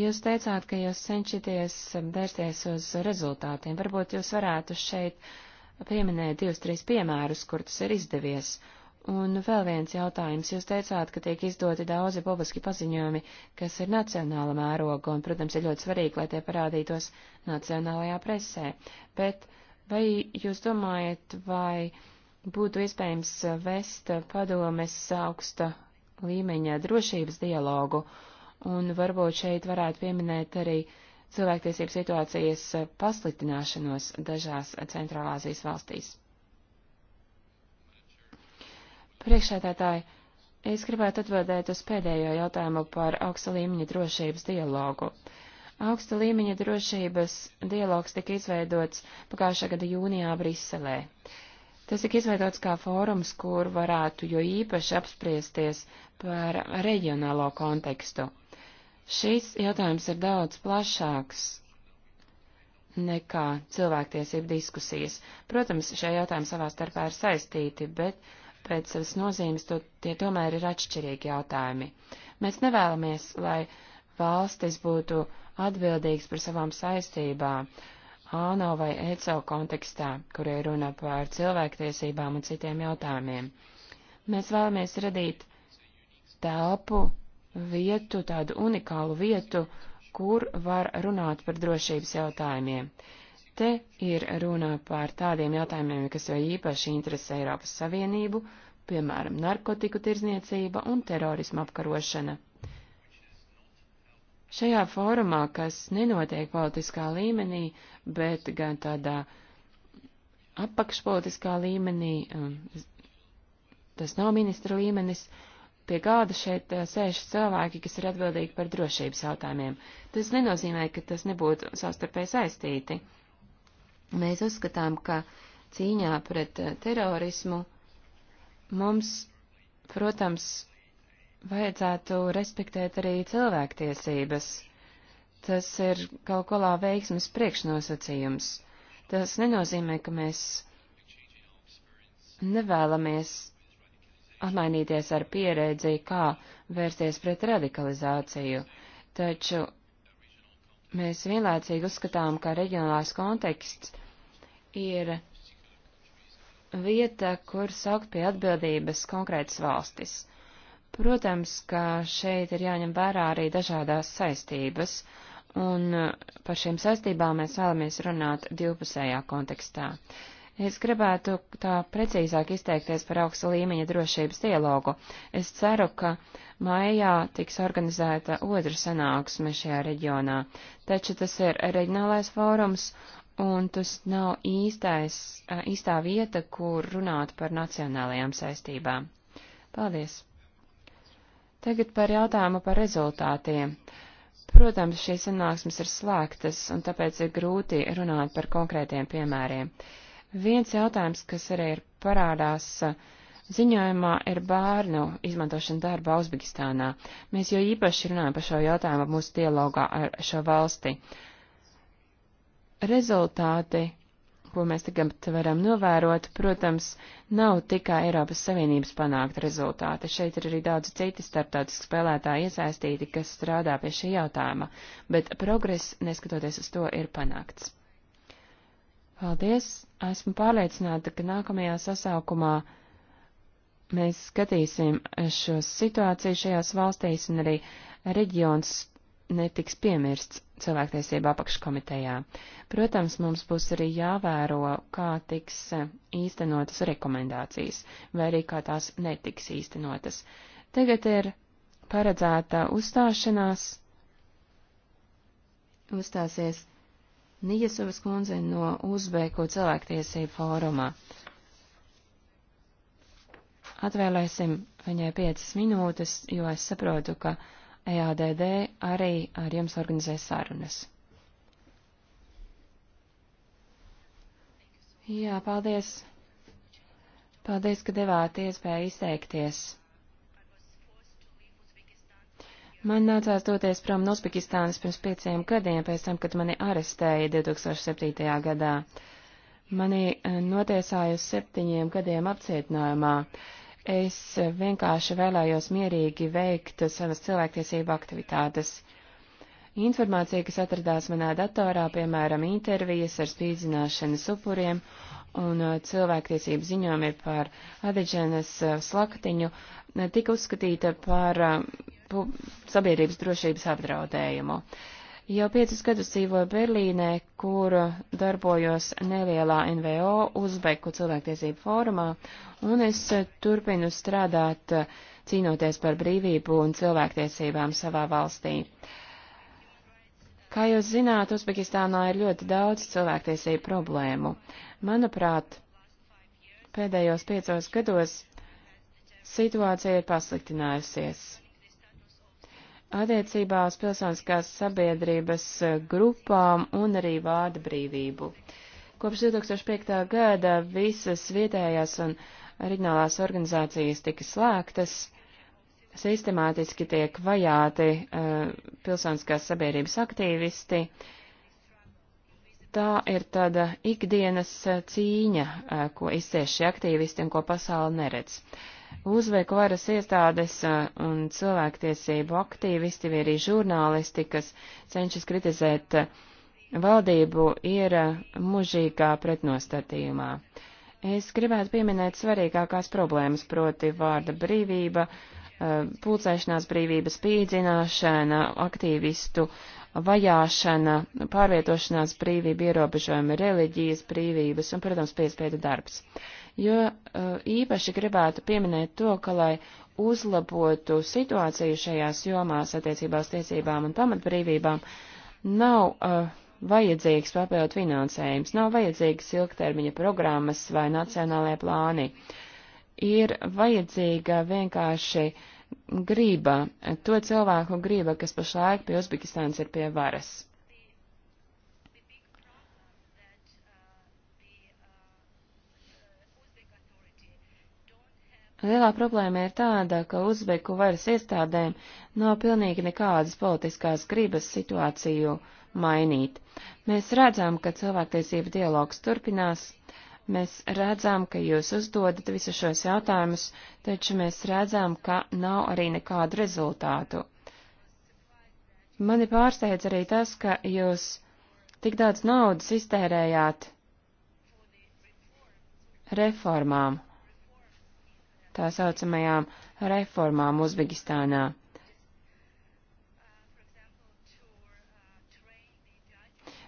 Jūs teicāt, ka jūs cenšaties vērsties uz rezultātiem. Varbūt jūs varētu šeit pieminēt divus, trīs piemērus, kur tas ir izdevies, Un vēl viens jautājums. Jūs teicāt, ka tiek izdoti daudzi publiski paziņojumi, kas ir nacionāla mēroga, un, protams, ir ļoti svarīgi, lai tie parādītos nacionālajā presē. Bet vai jūs domājat, vai būtu iespējams vest padomes augsta līmeņa drošības dialogu, un varbūt šeit varētu pieminēt arī cilvēktiesību situācijas pasliktināšanos dažās Centrālāzijas valstīs? Priekšsēdētāji, es gribētu atbildēt uz pēdējo jautājumu par augsta līmeņa drošības dialogu. Augsta līmeņa drošības dialogs tika izveidots pagājušā gada jūnijā Briselē. Tas tika izveidots kā fórums, kur varētu jo īpaši apspriesties par reģionālo kontekstu. Šis jautājums ir daudz plašāks nekā cilvēktiesību diskusijas. Protams, šie jautājumi savā starpā ir saistīti, bet pēc savas nozīmes, to, tie tomēr ir atšķirīgi jautājumi. Mēs nevēlamies, lai valstis būtu atbildīgas par savām saistībām, ANO vai ECO kontekstā, kur ir runa par cilvēktiesībām un citiem jautājumiem. Mēs vēlamies radīt telpu, vietu, tādu unikālu vietu, kur var runāt par drošības jautājumiem. Te ir runa par tādiem jautājumiem, kas jau īpaši interesē Eiropas Savienību, piemēram, narkotiku tirzniecība un terorisma apkarošana. Šajā fórumā, kas nenotiek politiskā līmenī, bet gan tādā apakšpolitiskā līmenī, um, tas nav ministra līmenis, pie kāda šeit uh, sēž cilvēki, kas ir atbildīgi par drošības jautājumiem. Tas nenozīmē, ka tas nebūtu savstarpēji saistīti. Mēs uzskatām, ka cīņā pret eh, terorismu mums, protams, vajadzētu respektēt arī cilvēktiesības. Tas ir kaut kolā veiksmes priekšnosacījums. Tas nenozīmē, ka mēs nevēlamies apmainīties ar pieredzi, kā vērsties pret radikalizāciju, taču Mēs vienlaicīgi uzskatām, ka reģionālās konteksts ir vieta, kur saukt pie atbildības konkrētas valstis. Protams, ka šeit ir jāņem vērā arī dažādās saistības, un par šīm saistībām mēs vēlamies runāt divpusējā kontekstā. Uh, Es gribētu tā precīzāk izteikties par augsta līmeņa drošības dialogu. Es ceru, ka maijā tiks organizēta otra sanāksme šajā reģionā, taču tas ir reģionālais fórums, un tas nav īstais, īstā vieta, kur runāt par nacionālajām saistībām. Paldies! Tagad par jautājumu par rezultātiem. Protams, šīs sanāksmes ir slēgtas, un tāpēc ir grūti runāt par konkrētiem piemēriem. Uh, Viens jautājums, kas arī ir parādās uh, ziņojumā, ir bērnu izmantošana darba Uzbekistānā. Mēs jau īpaši runājam par šo jautājumu mūsu dialogā ar šo valsti. Rezultāti, ko mēs tagad varam novērot, protams, nav tikai Eiropas Savienības panākta rezultāti. Šeit ir arī daudz citi starptautiski spēlētāji iesaistīti, kas strādā pie šī jautājuma, bet progress, neskatoties uz to, ir panākts. Paldies! Esmu pārliecināta, ka nākamajā sasaukumā mēs skatīsim šo situāciju šajās valstīs un arī reģions netiks piemirsts cilvēktiesība apakškomitejā. Protams, mums būs arī jāvēro, kā tiks īstenotas rekomendācijas, vai arī kā tās netiks īstenotas. Tagad ir paredzēta uzstāšanās. Uzstāsies Nijasovas kundze no Uzbeku cilvēktiesību fórumā. Atvēlēsim viņai piecas minūtes, jo es saprotu, ka EADD arī ar jums organizē sarunas. Jā, paldies. Paldies, ka devāt iespēju izteikties. Man nācās doties prom no Uzbekistānas pirms pieciem gadiem, pēc tam, kad mani arestēja 2007. gadā. Mani eh, notiesāja uz septiņiem gadiem apcietinājumā. Es eh, vienkārši vēlējos mierīgi veikt savas cilvēktiesību aktivitātes. Informācija, kas atradās manā datorā, piemēram, intervijas ar spīdzināšanas upuriem un eh, cilvēktiesību ziņojumi par Adiģenes slaktiņu, tika uzskatīta par sabiedrības drošības apdraudējumu. Jau piecus gadus dzīvoju Berlīnē, kur darbojos nelielā NVO Uzbeku cilvēktiesību fórumā, un es turpinu strādāt, cīnoties par brīvību un cilvēktiesībām savā valstī. Kā jūs zināt, Uzbekistānā ir ļoti daudz cilvēktiesību problēmu. Manuprāt, pēdējos piecos gados situācija ir pasliktinājusies attiecībā uz pilsoniskās sabiedrības eh, grupām un arī vārda brīvību. Kopš 2005. gada visas vietējās un reģionālās organizācijas tika slēgtas, sistemātiski tiek vajāti uh, pilsoniskās sabiedrības aktīvisti. Tā ir tāda ikdienas eh, cīņa, uh, ko izcieš šie aktīvisti un ko pasauli neredz. Uh, uzveiku varas iestādes un cilvēktiesību aktīvisti, vai arī žurnālisti, kas cenšas kritizēt valdību, ir mužīgā pretnostatījumā. Es gribētu pieminēt svarīgākās problēmas, proti vārda brīvība, pulcēšanās brīvība, spīdzināšana, aktīvistu vajāšana, pārvietošanās brīvība, ierobežojumi reliģijas brīvības un, protams, piespiedu darbs. Jo uh, īpaši gribētu pieminēt to, ka, lai uzlabotu situāciju šajās jomās attiecībā uz tiesībām un pamatbrīvībām, nav uh, vajadzīgs papildu finansējums, nav vajadzīgas ilgtermiņa programmas vai nacionālajie plāni. Ir vajadzīga vienkārši uh, grība, to cilvēku grība, kas pašlaik pie Uzbekistānas ir pie varas. Lielā problēma ir tāda, ka Uzbeku varas iestādēm nav pilnīgi nekādas politiskās gribas situāciju mainīt. Mēs redzam, ka cilvēktiesība dialogs turpinās, Mēs redzam, ka jūs uzdodat visus šos jautājumus, taču mēs redzam, ka nav arī nekādu rezultātu. Mani pārsteidz arī tas, ka jūs tik daudz naudas iztērējāt reformām, tā saucamajām reformām Uzbekistānā.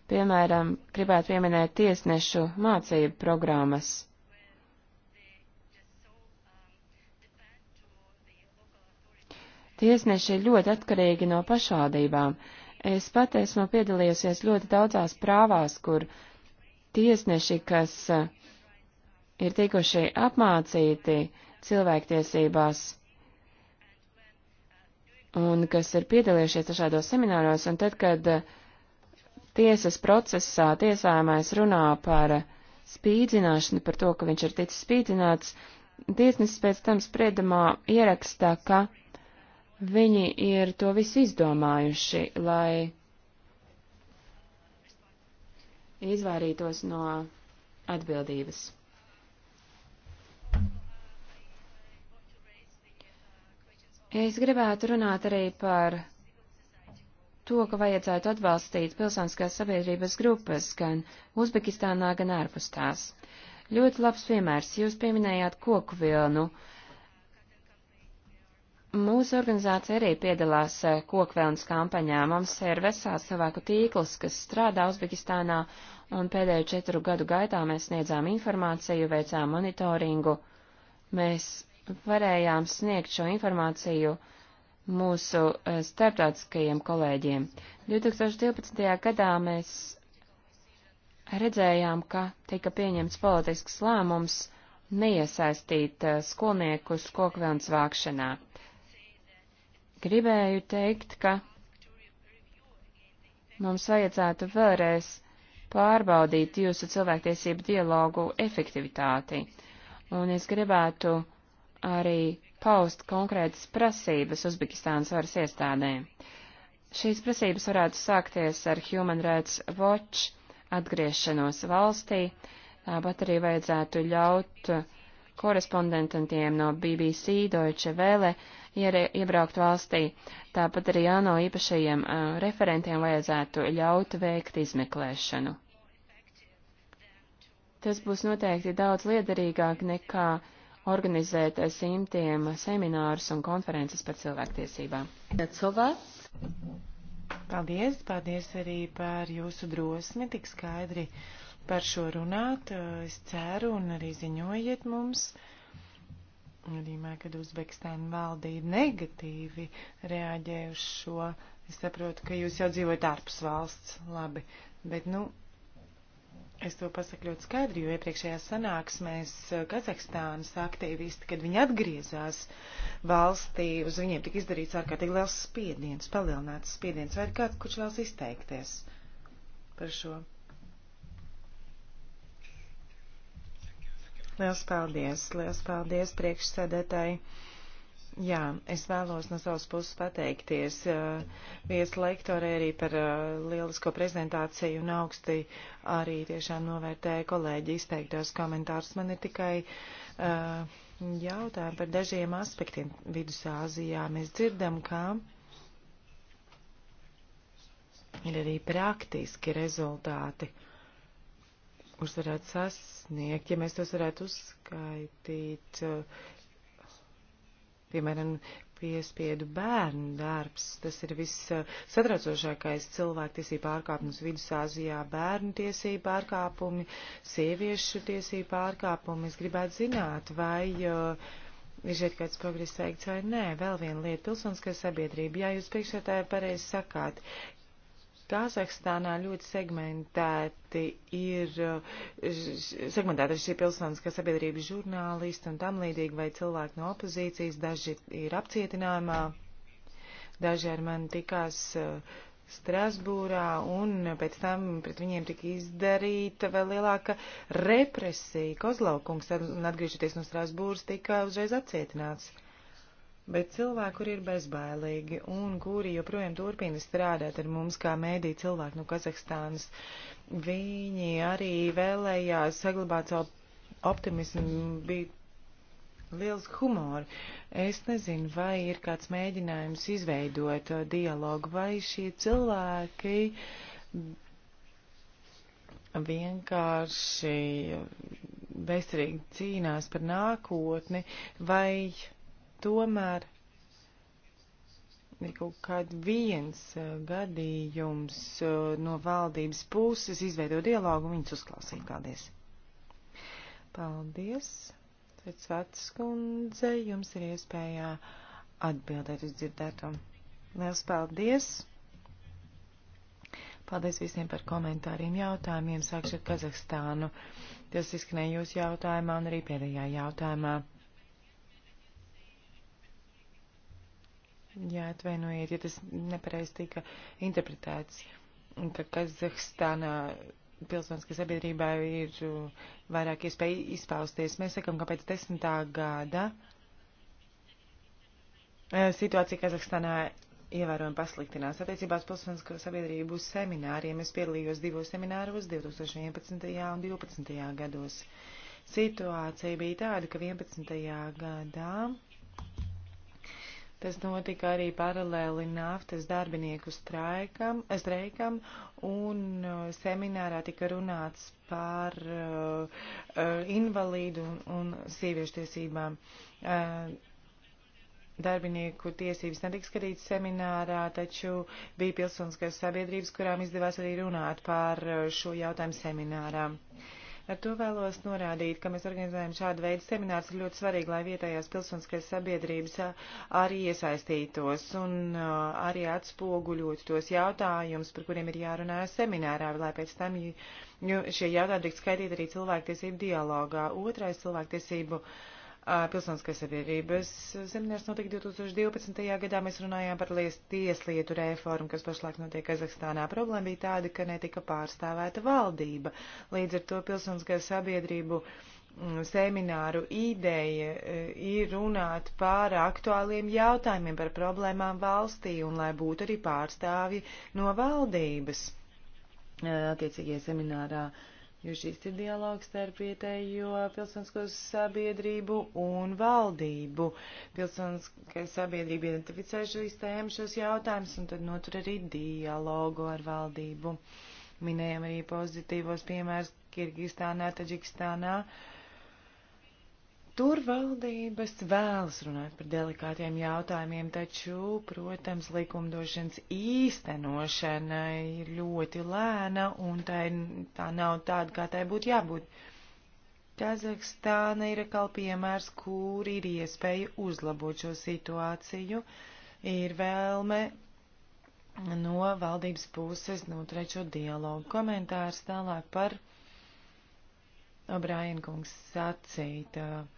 Piemēram, gribētu pieminēt tiesnešu mācību programmas. Tiesneši ir ļoti atkarīgi no pašvaldībām. Es pat esmu piedalījusies ļoti daudzās prāvās, kur tiesneši, kas eh, ir tikuši apmācīti cilvēktiesībās un kas ir piedalījušies dažādos semināros, un tad, kad uh, tiesas procesā tiesājumais runā par spīdzināšanu, par to, ka viņš ir ticis spīdzināts, tiesnesis pēc tam spriedumā ierakstā, ka viņi ir to visu izdomājuši, lai izvairītos no atbildības. Es gribētu runāt arī par to, ka vajadzētu atbalstīt pilsoniskās sabiedrības grupas gan Uzbekistānā, gan ārpus tās. Ļoti labs piemērs. Jūs pieminējāt koku vilnu. Mūsu organizācija arī piedalās eh, kokvēlnes kampaņā. Mums ir vesels cilvēku tīkls, kas strādā Uzbekistānā, un pēdējo četru gadu gaitā mēs sniedzām informāciju, veicām monitoringu. Mēs varējām sniegt šo informāciju uh, mūsu eh, starptautiskajiem kolēģiem. 2012. gadā mēs redzējām, ka tika pieņemts politisks lēmums neiesaistīt eh, skolniekus kokvilnas vākšanā. Gribēju teikt, ka mums vajadzētu vēlreiz pārbaudīt jūsu cilvēktiesību dialogu efektivitāti, un es gribētu arī paust konkrētas prasības Uzbekistānas varas iestādēm. Šīs prasības varētu sākties ar Human Rights Watch atgriešanos valstī, tāpat arī vajadzētu ļaut korespondentiem no BBC, Deutsche Welle iebraukt valstī, tāpat arī ANO īpašajiem uh, referentiem vajadzētu ļaut veikt izmeklēšanu. Tas būs noteikti daudz liederīgāk nekā uh, organizēt eh, simtiem seminārus un konferences par cilvēktiesībām. Paldies, paldies arī par jūsu drosmi tik skaidri par šo runāt. Eh, es ceru un arī ziņojiet mums. Gadījumā, kad Uzbekistāna valdība negatīvi reaģē uz šo, es saprotu, ka jūs jau dzīvojat ārpus valsts, labi, bet, nu, Es to pasaku ļoti skaidri, jo iepriekšējās sanāksmēs eh, Kazahstānas aktīvisti, kad viņi atgriezās valstī, uz viņiem tika izdarīts ārkārtīgi liels spiediens, palielināts spiediens. Vai ir kāds, kurš vēlas izteikties par šo? Liels paldies, liels paldies priekšsēdētāji. Jā, es vēlos no savas puses pateikties uh, eh, vieslektorē arī par uh, lielisko prezentāciju un augsti arī tiešām novērtēju kolēģi izteiktos komentārus. Man ir tikai uh, jautājumi par dažiem aspektiem Vidusāzijā. Mēs dzirdam, ka ir arī praktiski rezultāti, kurus varētu sasniegt, ja mēs tos varētu uzskaitīt. Uh, Piemēram, piespiedu bērnu darbs. Tas ir viss satraucošākais cilvēktiesību pārkāpums Vidusāzijā - bērnu tiesību pārkāpumi, sieviešu tiesību pārkāpumi. Es gribētu zināt, vai uh, ir šeit kāds progress veikts vai nē. Vēl viena lieta - pilsoniskā sabiedrība. Jā, jūs priekšētāji pareizi sakāt, Kazahstānā ļoti segmentēti ir, eh, segmentēta ir šī pilsoniskā sabiedrība žurnālisti un tam līdzīgi, vai cilvēki no opozīcijas, daži ir apcietinājumā, daži ar mani tikās eh, Strasbūrā, un pēc tam pret viņiem tika izdarīta vēl lielāka represija. Kozlaukungs, atgriežoties no Strasbūras, tika uzreiz apcietināts. Uh, Bet cilvēki, kuri ir bezbailīgi un kuri joprojām turpina strādāt ar mums, kā mēdī cilvēki no Kazahstānas, viņi arī vēlējās saglabāt savu optimismu, bija liels humors. Es nezinu, vai ir kāds mēģinājums izveidot uh, dialogu, vai šie cilvēki vienkārši bezcerīgi uh, cīnās par nākotni, vai Tomēr ir kaut kāds viens eh, gadījums eh, no valdības puses izveidot dialogu un viņus uzklausīt. Paldies! Paldies! Pēc vecas kundze jums ir iespējā atbildēt uz dzirdēto. Liels paldies! Paldies visiem par komentāriem, jautājumiem. Sākšu ar Kazahstānu. Tas izskanēja jūsu jautājumā un arī pēdējā jautājumā. Jā, atvainojiet, ja tas nepareiz tika interpretēts, ka Kazahstānā pilsoniskai sabiedrībā ir uh, vairāk iespēja izpausties. Mēs sakam, ka pēc desmitā gada uh, situācija Kazahstānā ievērojami pasliktinās. Attiecībās pilsonisko sabiedrību semināriem es piedalījos divos semināros 2011. un 2012. gados. Situācija bija tāda, ka 11. gadā Tas notika arī paralēli naftas darbinieku straikam, streikam, un uh, seminārā tika runāts par uh, uh, invalīdu un, un sieviešu tiesībām. Uh, darbinieku tiesības netika skatīts seminārā, taču bija pilsoniskās sabiedrības, kurām izdevās arī runāt par uh, šo jautājumu seminārā. Uh, Ar to vēlos norādīt, ka mēs organizējam šādu veidu seminārus, ir ļoti svarīgi, lai vietējās pilsoniskās sabiedrības arī iesaistītos un arī atspoguļotu tos jautājumus, par kuriem ir jārunā seminārā, lai pēc tam šie jautājumi tiek skaitīt arī cilvēktiesību dialogā. Otrais cilvēktiesību. Uh, Pilsoniskais sabiedrības seminars notika 2012. gadā. Mēs runājām par tieslietu reformu, kas pašlaik notiek Kazahstānā. Problēma bija tāda, ka netika pārstāvēta valdība. Līdz ar to pilsoniskais sabiedrību semināru ideja e, ir runāt par aktuāliem jautājumiem, par problēmām valstī un lai būtu arī pārstāvji no valdības e, attiecīgajā seminārā. Uh, jo šis ir dialogs starp vietējo pilsonisko sabiedrību un valdību. Pilsoniskai sabiedrība identificē šīs tēmas, šos jautājumus, un tad notur arī dialogu ar valdību. Minējam arī pozitīvos piemērus Kirgistānā, Taģikistānā. Uh, Tur valdības vēlas runāt par delikātiem jautājumiem, taču, protams, likumdošanas īstenošana ir ļoti lēna un tā, ir, tā nav tāda, kā tai būtu jābūt. Kazahstāna ir atkal piemērs, kur ir iespēja uzlabot šo situāciju, ir vēlme no valdības puses noturēt šo dialogu. Komentārs tālāk par Obrājankungs sacīta. Uh,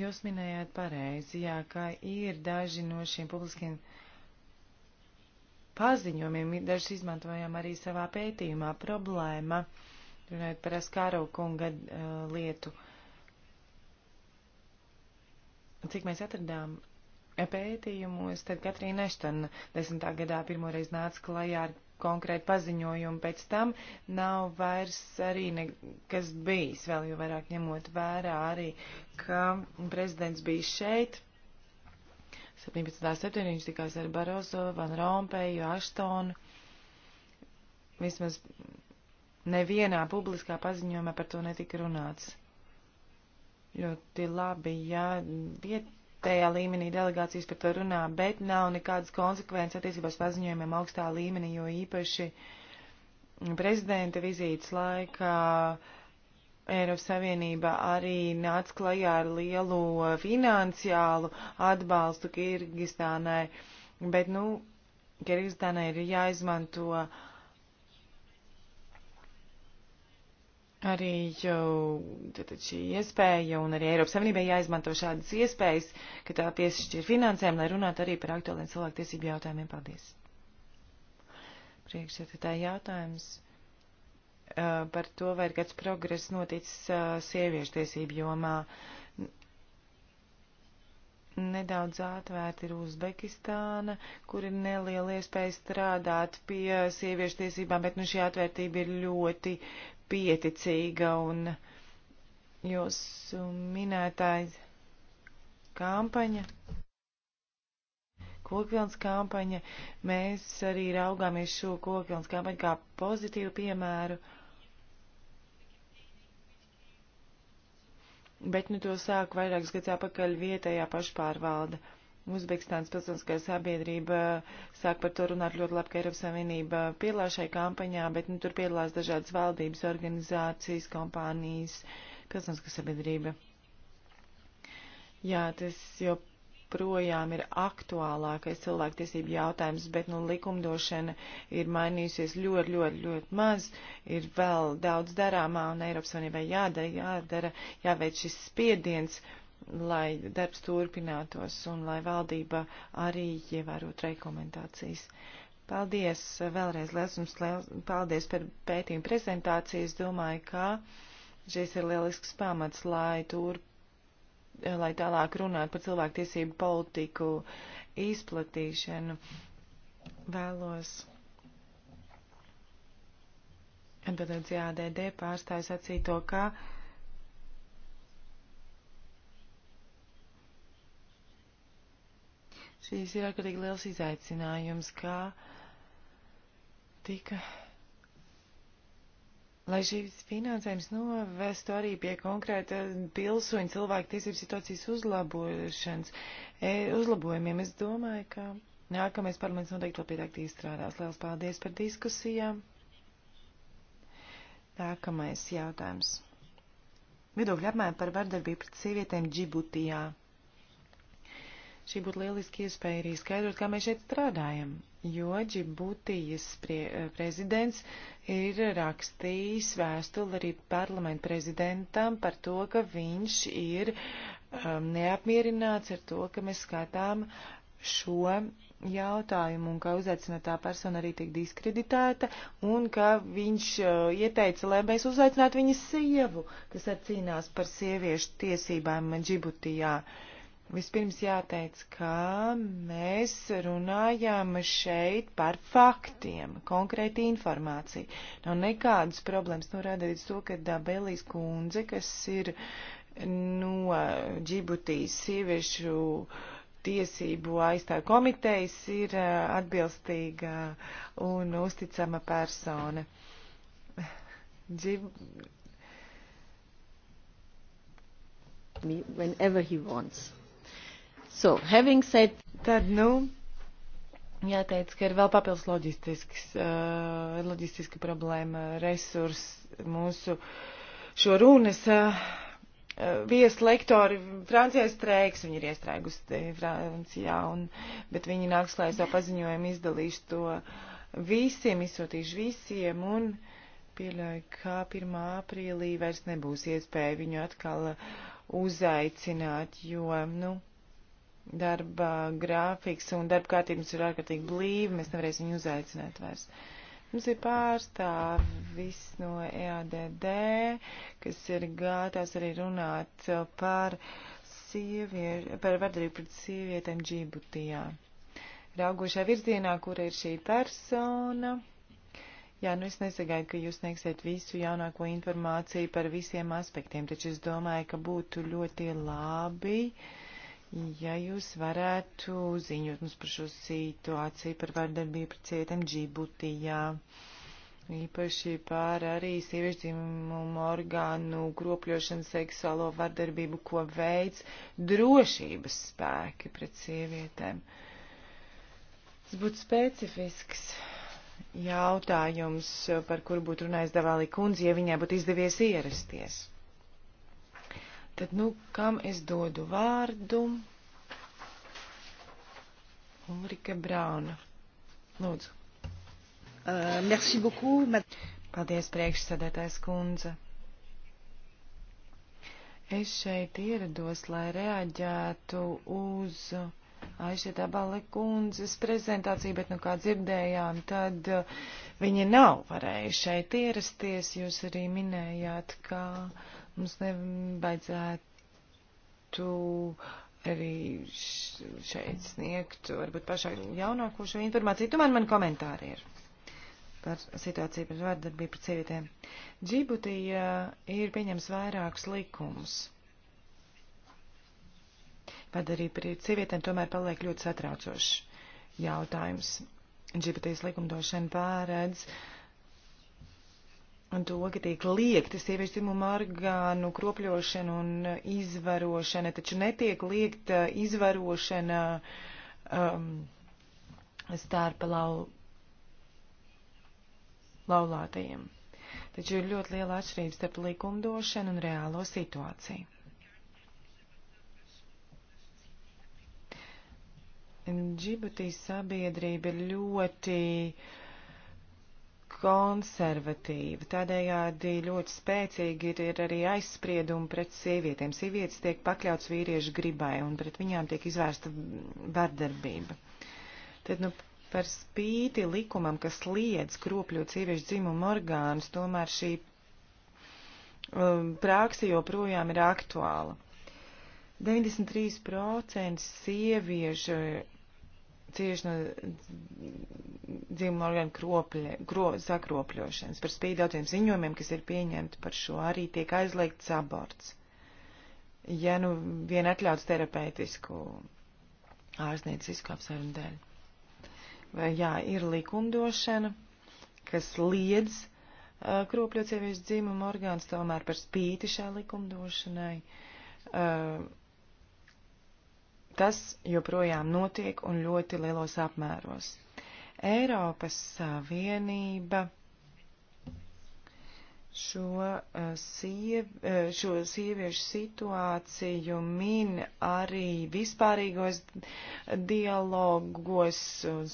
Jūs minējāt pareizi, jā, ka ir daži no šiem publiskiem paziņojumiem, dažus izmantojām arī savā pētījumā problēma, runājot par Askāro kunga uh, lietu. Cik mēs atradām pētījumos, tad Katrīna Eštana desmitā gadā pirmoreiz nāca klajā ar konkrēti paziņojumi pēc tam nav vairs arī nekas bijis, vēl jau vairāk ņemot vērā arī, ka prezidents bija šeit. 17. septembrī viņš tikās ar Barozo, Van Rompēju, Aštonu. Vismaz nevienā publiskā paziņojumā par to netika runāts. Ļoti labi, ja viet, vietējā līmenī delegācijas par to runā, bet nav nekādas konsekvences attiecībās paziņojumiem augstā līmenī, jo īpaši prezidenta vizītes laikā Eiropas Savienība arī nāca klajā ar lielu finansiālu atbalstu Kirgistānai, bet, nu, Kirgistānai ir jāizmanto uh, Arī jau šī iespēja un arī Eiropas Savienībai jāizmanto šādas iespējas, ka tā piešķir finansēm, lai runātu arī par aktuāliem cilvēktiesību jautājumiem. Paldies. Priekšsēdētāji jautājums uh, par to, vai ir kāds progress noticis uh, sieviešu tiesību jomā. Nedaudz atvērta ir Uzbekistāna, kur ir neliela iespēja strādāt pie sieviešu tiesībām, bet nu šī atvērtība ir ļoti pieticīga un jūsu minētājs kampaņa, kokvilns kampaņa, mēs arī raugāmies šo kokvilns kampaņu kā pozitīvu piemēru. Bet nu to sāku vairākus gadus atpakaļ vietējā pašpārvalda. Uzbekistānas pilsoniskā sabiedrība sāk par to runāt ļoti labi, ka Eiropas Savienība piedalās šai kampaņā, bet nu, tur piedalās dažādas valdības, organizācijas, kompānijas, pilsoniskā sabiedrība. Jā, tas joprojām ir aktuālākais cilvēktiesību jautājums, bet nu, likumdošana ir mainījusies ļoti, ļoti, ļoti maz, ir vēl daudz darāmā un Eiropas Savienībai jādara, jādara, jāveic šis spiediens. Uh, lai darbs turpinātos un lai valdība arī ievērot rekomendācijas. Paldies vēlreiz, liels jums liels, paldies par pētījumu prezentāciju. Es domāju, ka šis ir lielisks pamats, lai tur, lai tālāk runātu par cilvēktiesību politiku izplatīšanu. Vēlos atbildēt ZADD pārstāju sacīto, ka. Uh, Šīs ir ārkārtīgi liels izaicinājums, kā tika, lai šīs finansējums novestu arī pie konkrēta pilsoņa cilvēku tiesību situācijas uzlabošanas, e, uzlabojumiem. Es domāju, ka nākamais parlaments noteikti vēl pietiekti strādās. Liels paldies par diskusijām. Nākamais jautājums. Viedokļa apmēra par vardarbību pret sievietēm Džibutijā. Šī būtu lieliski iespēja arī skaidrot, kā mēs šeit strādājam, jo Džibutijas pre eh, prezidents ir rakstījis vēstuli arī parlamentu prezidentam par to, ka viņš ir um, neapmierināts ar to, ka mēs skatām šo jautājumu un ka uzaicinātā persona arī tiek diskreditēta un ka viņš uh, ieteica, lai mēs uzaicinātu viņas sievu, kas arī cīnās par sieviešu tiesībām Džibutijā. Uh, Vispirms jāteic, ka mēs runājām šeit par faktiem, konkrēti informāciju. Nav nekādas problēmas norādīt to, ka Dabelijas kundze, kas ir no Džibutīs sieviešu tiesību aizstāju komitejas, ir uh, atbilstīga un uzticama persona. Džib... Me whenever he wants. So, having said... Tad, nu, jāteic, ka ir vēl papildus loģistisks, uh, loģistiska problēma, resurs mūsu šo runas. Uh, uh vieslektori Francijai streiks, viņi ir iestrēgusi Francijā, un, bet viņi nāks, lai savu paziņojumu izdalīšu to visiem, izsūtīšu visiem, un pieļauju, ka 1. aprīlī vairs nebūs iespēja viņu atkal uzaicināt, jo, nu, darba grāfiks un darba kārtības ir ārkārtīgi blīvi, mēs nevarēsim viņu uzaicināt vairs. Mums ir pārstāvis no EADD, kas ir gātās arī runāt par, sievie, par vardarību pret sievietēm Džibutijā. Raugošā virzienā, kura ir šī persona. Jā, nu es nesagaidu, ka jūs sniegsiet visu jaunāko informāciju par visiem aspektiem, taču es domāju, ka būtu ļoti labi uh, Ja jūs varētu ziņot mums par šo situāciju, par vardarbību pret sievietēm Džibutijā, īpaši par arī sieviešu dzimumu orgānu kropļošanu, seksuālo vardarbību, ko veids drošības spēki pret sievietēm. Tas būtu specifisks jautājums, par kuru būtu runājis Davālī kundze, ja viņai būtu izdevies ierasties. Tad, nu, kam es dodu vārdu? Ulrika Brauna. Lūdzu. Uh, merci beaucoup. Ma... Paldies, priekšsēdētājs kundze. Es šeit ierados, lai reaģētu uz Aišetā Bale kundzes prezentāciju, bet, nu, kā dzirdējām, tad uh, viņi nav varējuši šeit ierasties. Jūs arī minējāt, ka Mums nevajadzētu arī šeit sniegt varbūt pašai jaunāko šo informāciju. Tomēr man komentāri ir par situāciju par vārdarbību pret sievietēm. Džibutī ir pieņems vairākus likumus. Vārdarbība pret sievietēm tomēr paliek ļoti satraucošs jautājums. Džibutīs likumdošana pārēdz uh, Un to, ka tiek liekta sieviešu dzimumu orgānu kropļošana un izvarošana, taču netiek liekta izvarošana um, starp lau, laulātajiem. Taču ir ļoti liela atšķirība starp likumdošanu un reālo situāciju. Džibutīs sabiedrība ir ļoti uh, konservatīva. Tādējādi ļoti spēcīgi ir, ir arī aizspriedumi pret sievietēm. Sievietes tiek pakļauts vīriešu gribai un pret viņām tiek izvērsta vardarbība. Tad, nu, par spīti likumam, kas liedz kropļot sieviešu dzimumu orgānus, tomēr šī um, praksa joprojām ir aktuāla. 93% sieviešu cieši no dzimuma orgānu kropļa, gro, sakropļošanas. Par spīti daudziem ziņojumiem, kas ir pieņemti par šo, arī tiek aizliegts aborts. Ja nu vien atļauts terapeitisku ārstniecisku apsvērumu dēļ. Vai, jā, ir likumdošana, kas liedz uh, kropļot sieviešu dzimumu orgāns, tomēr par spīti šai likumdošanai. Uh, tas joprojām notiek un ļoti lielos apmēros. Eiropas Savienība šo, eh, siev, eh, šo sieviešu situāciju min arī vispārīgos dialogos,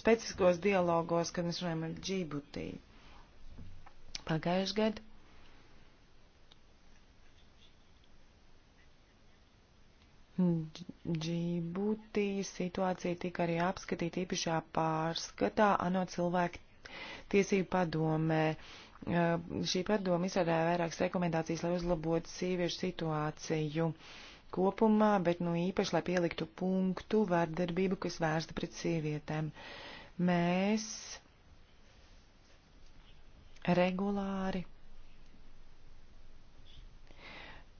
specifiskos dialogos, kad mēs runājam ar Džibutī. Pagājuši gadu Džibūtī situācija tika arī apskatīta īpašā pārskatā ANO cilvēku tiesību padomē. Eh, šī padoma izstrādāja vairākas rekomendācijas, lai uzlabotu sieviešu situāciju kopumā, bet nu īpaši, lai pieliktu punktu vardarbību, kas vērsta pret sievietēm. Mēs regulāri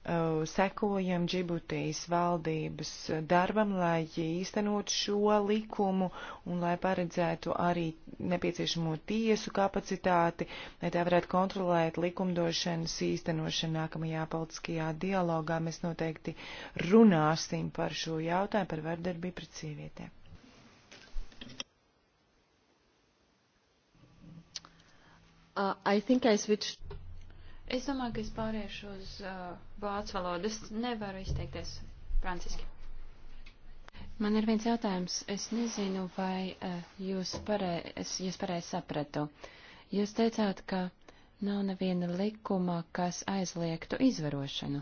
Uh, sekojam Džibutijas valdības darbam, lai īstenotu šo likumu un lai paredzētu arī nepieciešamo tiesu kapacitāti, lai tā varētu kontrolēt likumdošanas īstenošanu nākamajā politiskajā dialogā. Mēs noteikti runāsim par šo jautājumu, par vardarbību pret sievietēm. Uh, I think I switched. Es domāju, ka es pāriešu uz uh, vācu valodu. Es nevaru izteikties franciski. Man ir viens jautājums. Es nezinu, vai uh, jūs, parei, es, jūs pareizi sapratu. Jūs teicāt, ka nav neviena likuma, kas aizliegtu izvarošanu.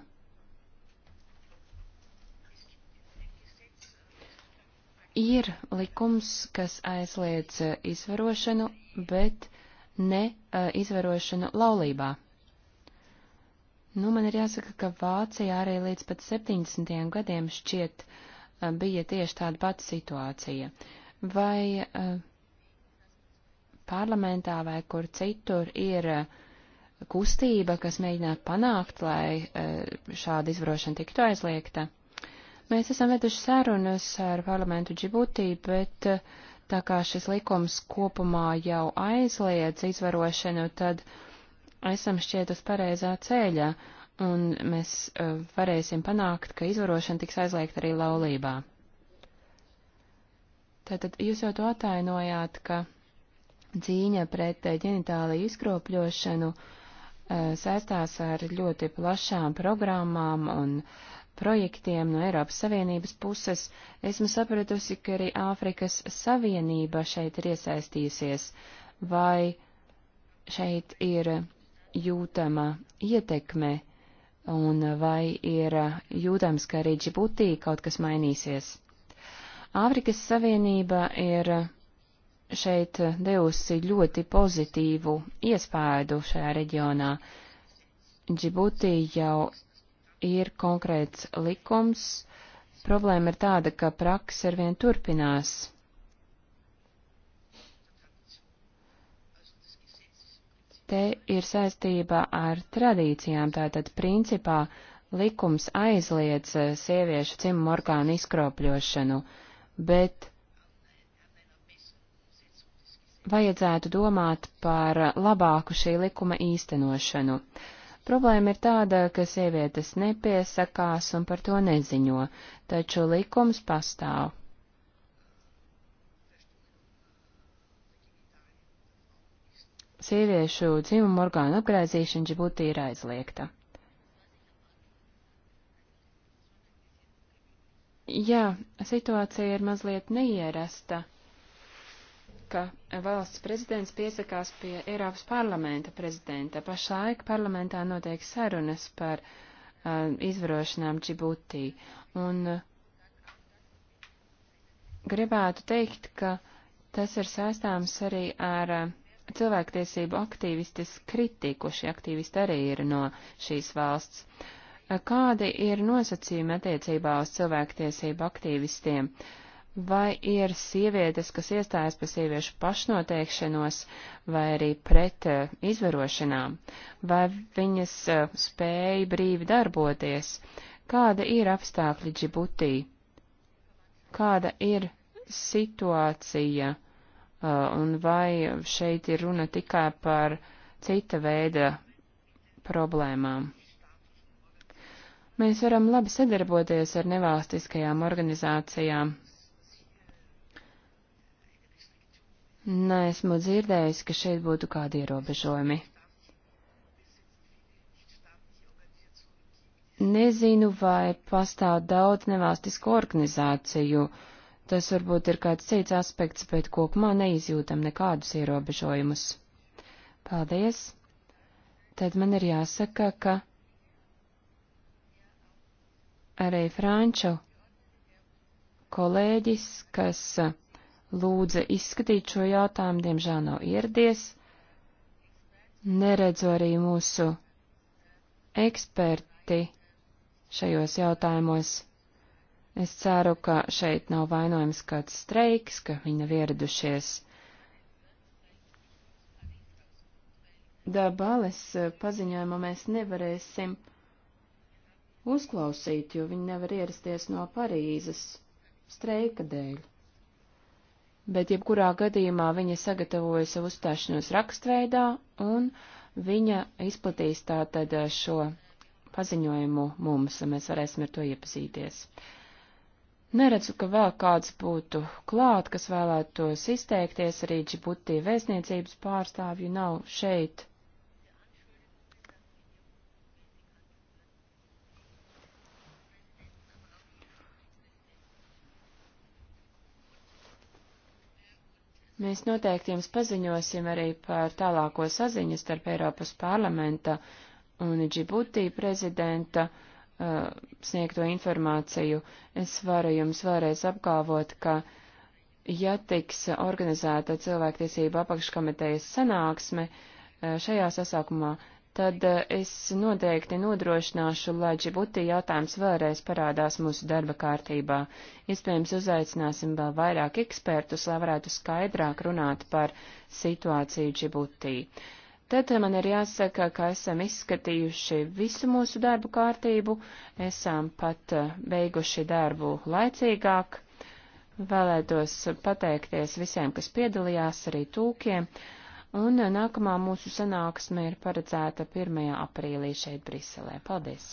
ir likums, kas aizliedz uh, izvarošanu, bet ne uh, izvarošanu laulībā. Nu, man ir jāsaka, ka Vācijā arī līdz pat 70. gadiem šķiet eh, bija tieši tāda pati situācija. Vai uh, parlamentā vai kur citur ir uh, kustība, kas mēģinātu panākt, lai šāda izvarošana tiktu aizliegta. Mēs esam veduši sarunas ar parlamentu Džibutī, bet tā kā šis likums kopumā jau aizliedz izvarošanu, tad esam šķiet uz pareizā ceļa, un mēs uh, varēsim panākt, ka izvarošana tiks aizliegta arī laulībā. Tātad jūs jau to atainojāt, ka cīņa pret e, ģenitāliju izkropļošanu uh, saistās ar ļoti plašām programmām un projektiem no Eiropas Savienības puses. Esmu sapratusi, ka arī Āfrikas Savienība šeit ir iesaistījusies. Vai šeit ir jūtama ietekme un vai ir jūtams, ka arī Džibutī kaut kas mainīsies. Āfrikas Savienība ir šeit devusi ļoti pozitīvu iespēju šajā reģionā. Džibutī jau ir konkrēts likums. Problēma ir tāda, ka praksa ar vien turpinās. Te ir saistība ar tradīcijām, tātad principā likums aizliedz eh, sieviešu dzimumu orgānu izkropļošanu, bet vajadzētu domāt par labāku šī likuma īstenošanu. Problēma ir tāda, ka sievietes nepiesakās un par to neziņo, taču likums pastāv. sieviešu dzimumu orgānu apgrāzīšana Džibutī ir aizliegta. Jā, situācija ir mazliet neierasta, ka valsts prezidents piesakās pie Eiropas parlamenta prezidenta. Pašlaik parlamentā notiek sarunas par uh, izvarošanām Džibutī. Un uh, gribētu teikt, ka tas ir sēstāms arī ar uh, cilvēktiesību aktīvistis kritiku, šie aktīvisti arī ir no šīs valsts. Kādi ir nosacījumi attiecībā uz cilvēktiesību aktīvistiem? Vai ir sievietes, kas iestājas par sieviešu pašnoteikšanos vai arī pret uh, izvarošanām? Vai viņas uh, eh, spēja brīvi darboties? Kāda ir apstākļi Džibutī? Kāda ir situācija? Uh, un vai šeit ir runa tikai par cita veida problēmām. Mēs varam labi sadarboties ar nevalstiskajām organizācijām. Neesmu dzirdējis, ka šeit būtu kādi ierobežojumi. Nezinu, vai pastāv daudz nevalstisko organizāciju, uh, Tas varbūt ir kāds cits aspekts, bet kopumā neizjūtam nekādus ierobežojumus. Paldies! Tad man ir jāsaka, ka arī Franču kolēģis, kas uh, lūdza izskatīt šo jautājumu, diemžēl nav ieradies. Neredzu arī mūsu eksperti šajos jautājumos. Es ceru, ka šeit nav vainojams kāds streiks, ka viņi nav ieradušies. Dabales paziņojumu mēs nevarēsim uzklausīt, jo viņi nevar ierasties no Parīzes streika dēļ. Bet jebkurā gadījumā viņa sagatavoja savu uzstāšanos rakstveidā un viņa izplatīs tātad šo paziņojumu mums, un mēs varēsim ar to iepazīties. Neredzu, ka vēl kāds būtu klāt, kas vēlētos izteikties, arī Džibutī vēstniecības pārstāvju nav šeit. Mēs noteikti jums paziņosim arī par tālāko saziņu starp Eiropas parlamenta un Džibutī prezidenta uh, sniegto informāciju. Es varu jums vēlreiz apgalvot, ka, ja tiks organizēta cilvēktiesība apakškomitejas sanāksme uh, šajā sasaukumā, tad uh, es noteikti nodrošināšu, lai Džibutī jautājums vēlreiz parādās mūsu darba kārtībā. Iespējams, uzaicināsim vēl vairāk ekspertus, lai varētu skaidrāk runāt par situāciju Džibutī. Uh, Tad man ir jāsaka, ka esam izskatījuši visu mūsu darbu kārtību, esam pat eh, beiguši darbu laicīgāk. Vēlētos pateikties visiem, kas piedalījās, arī tūkiem, un eh, nākamā mūsu sanāksme ir paredzēta 1. aprīlī šeit Briselē. Paldies!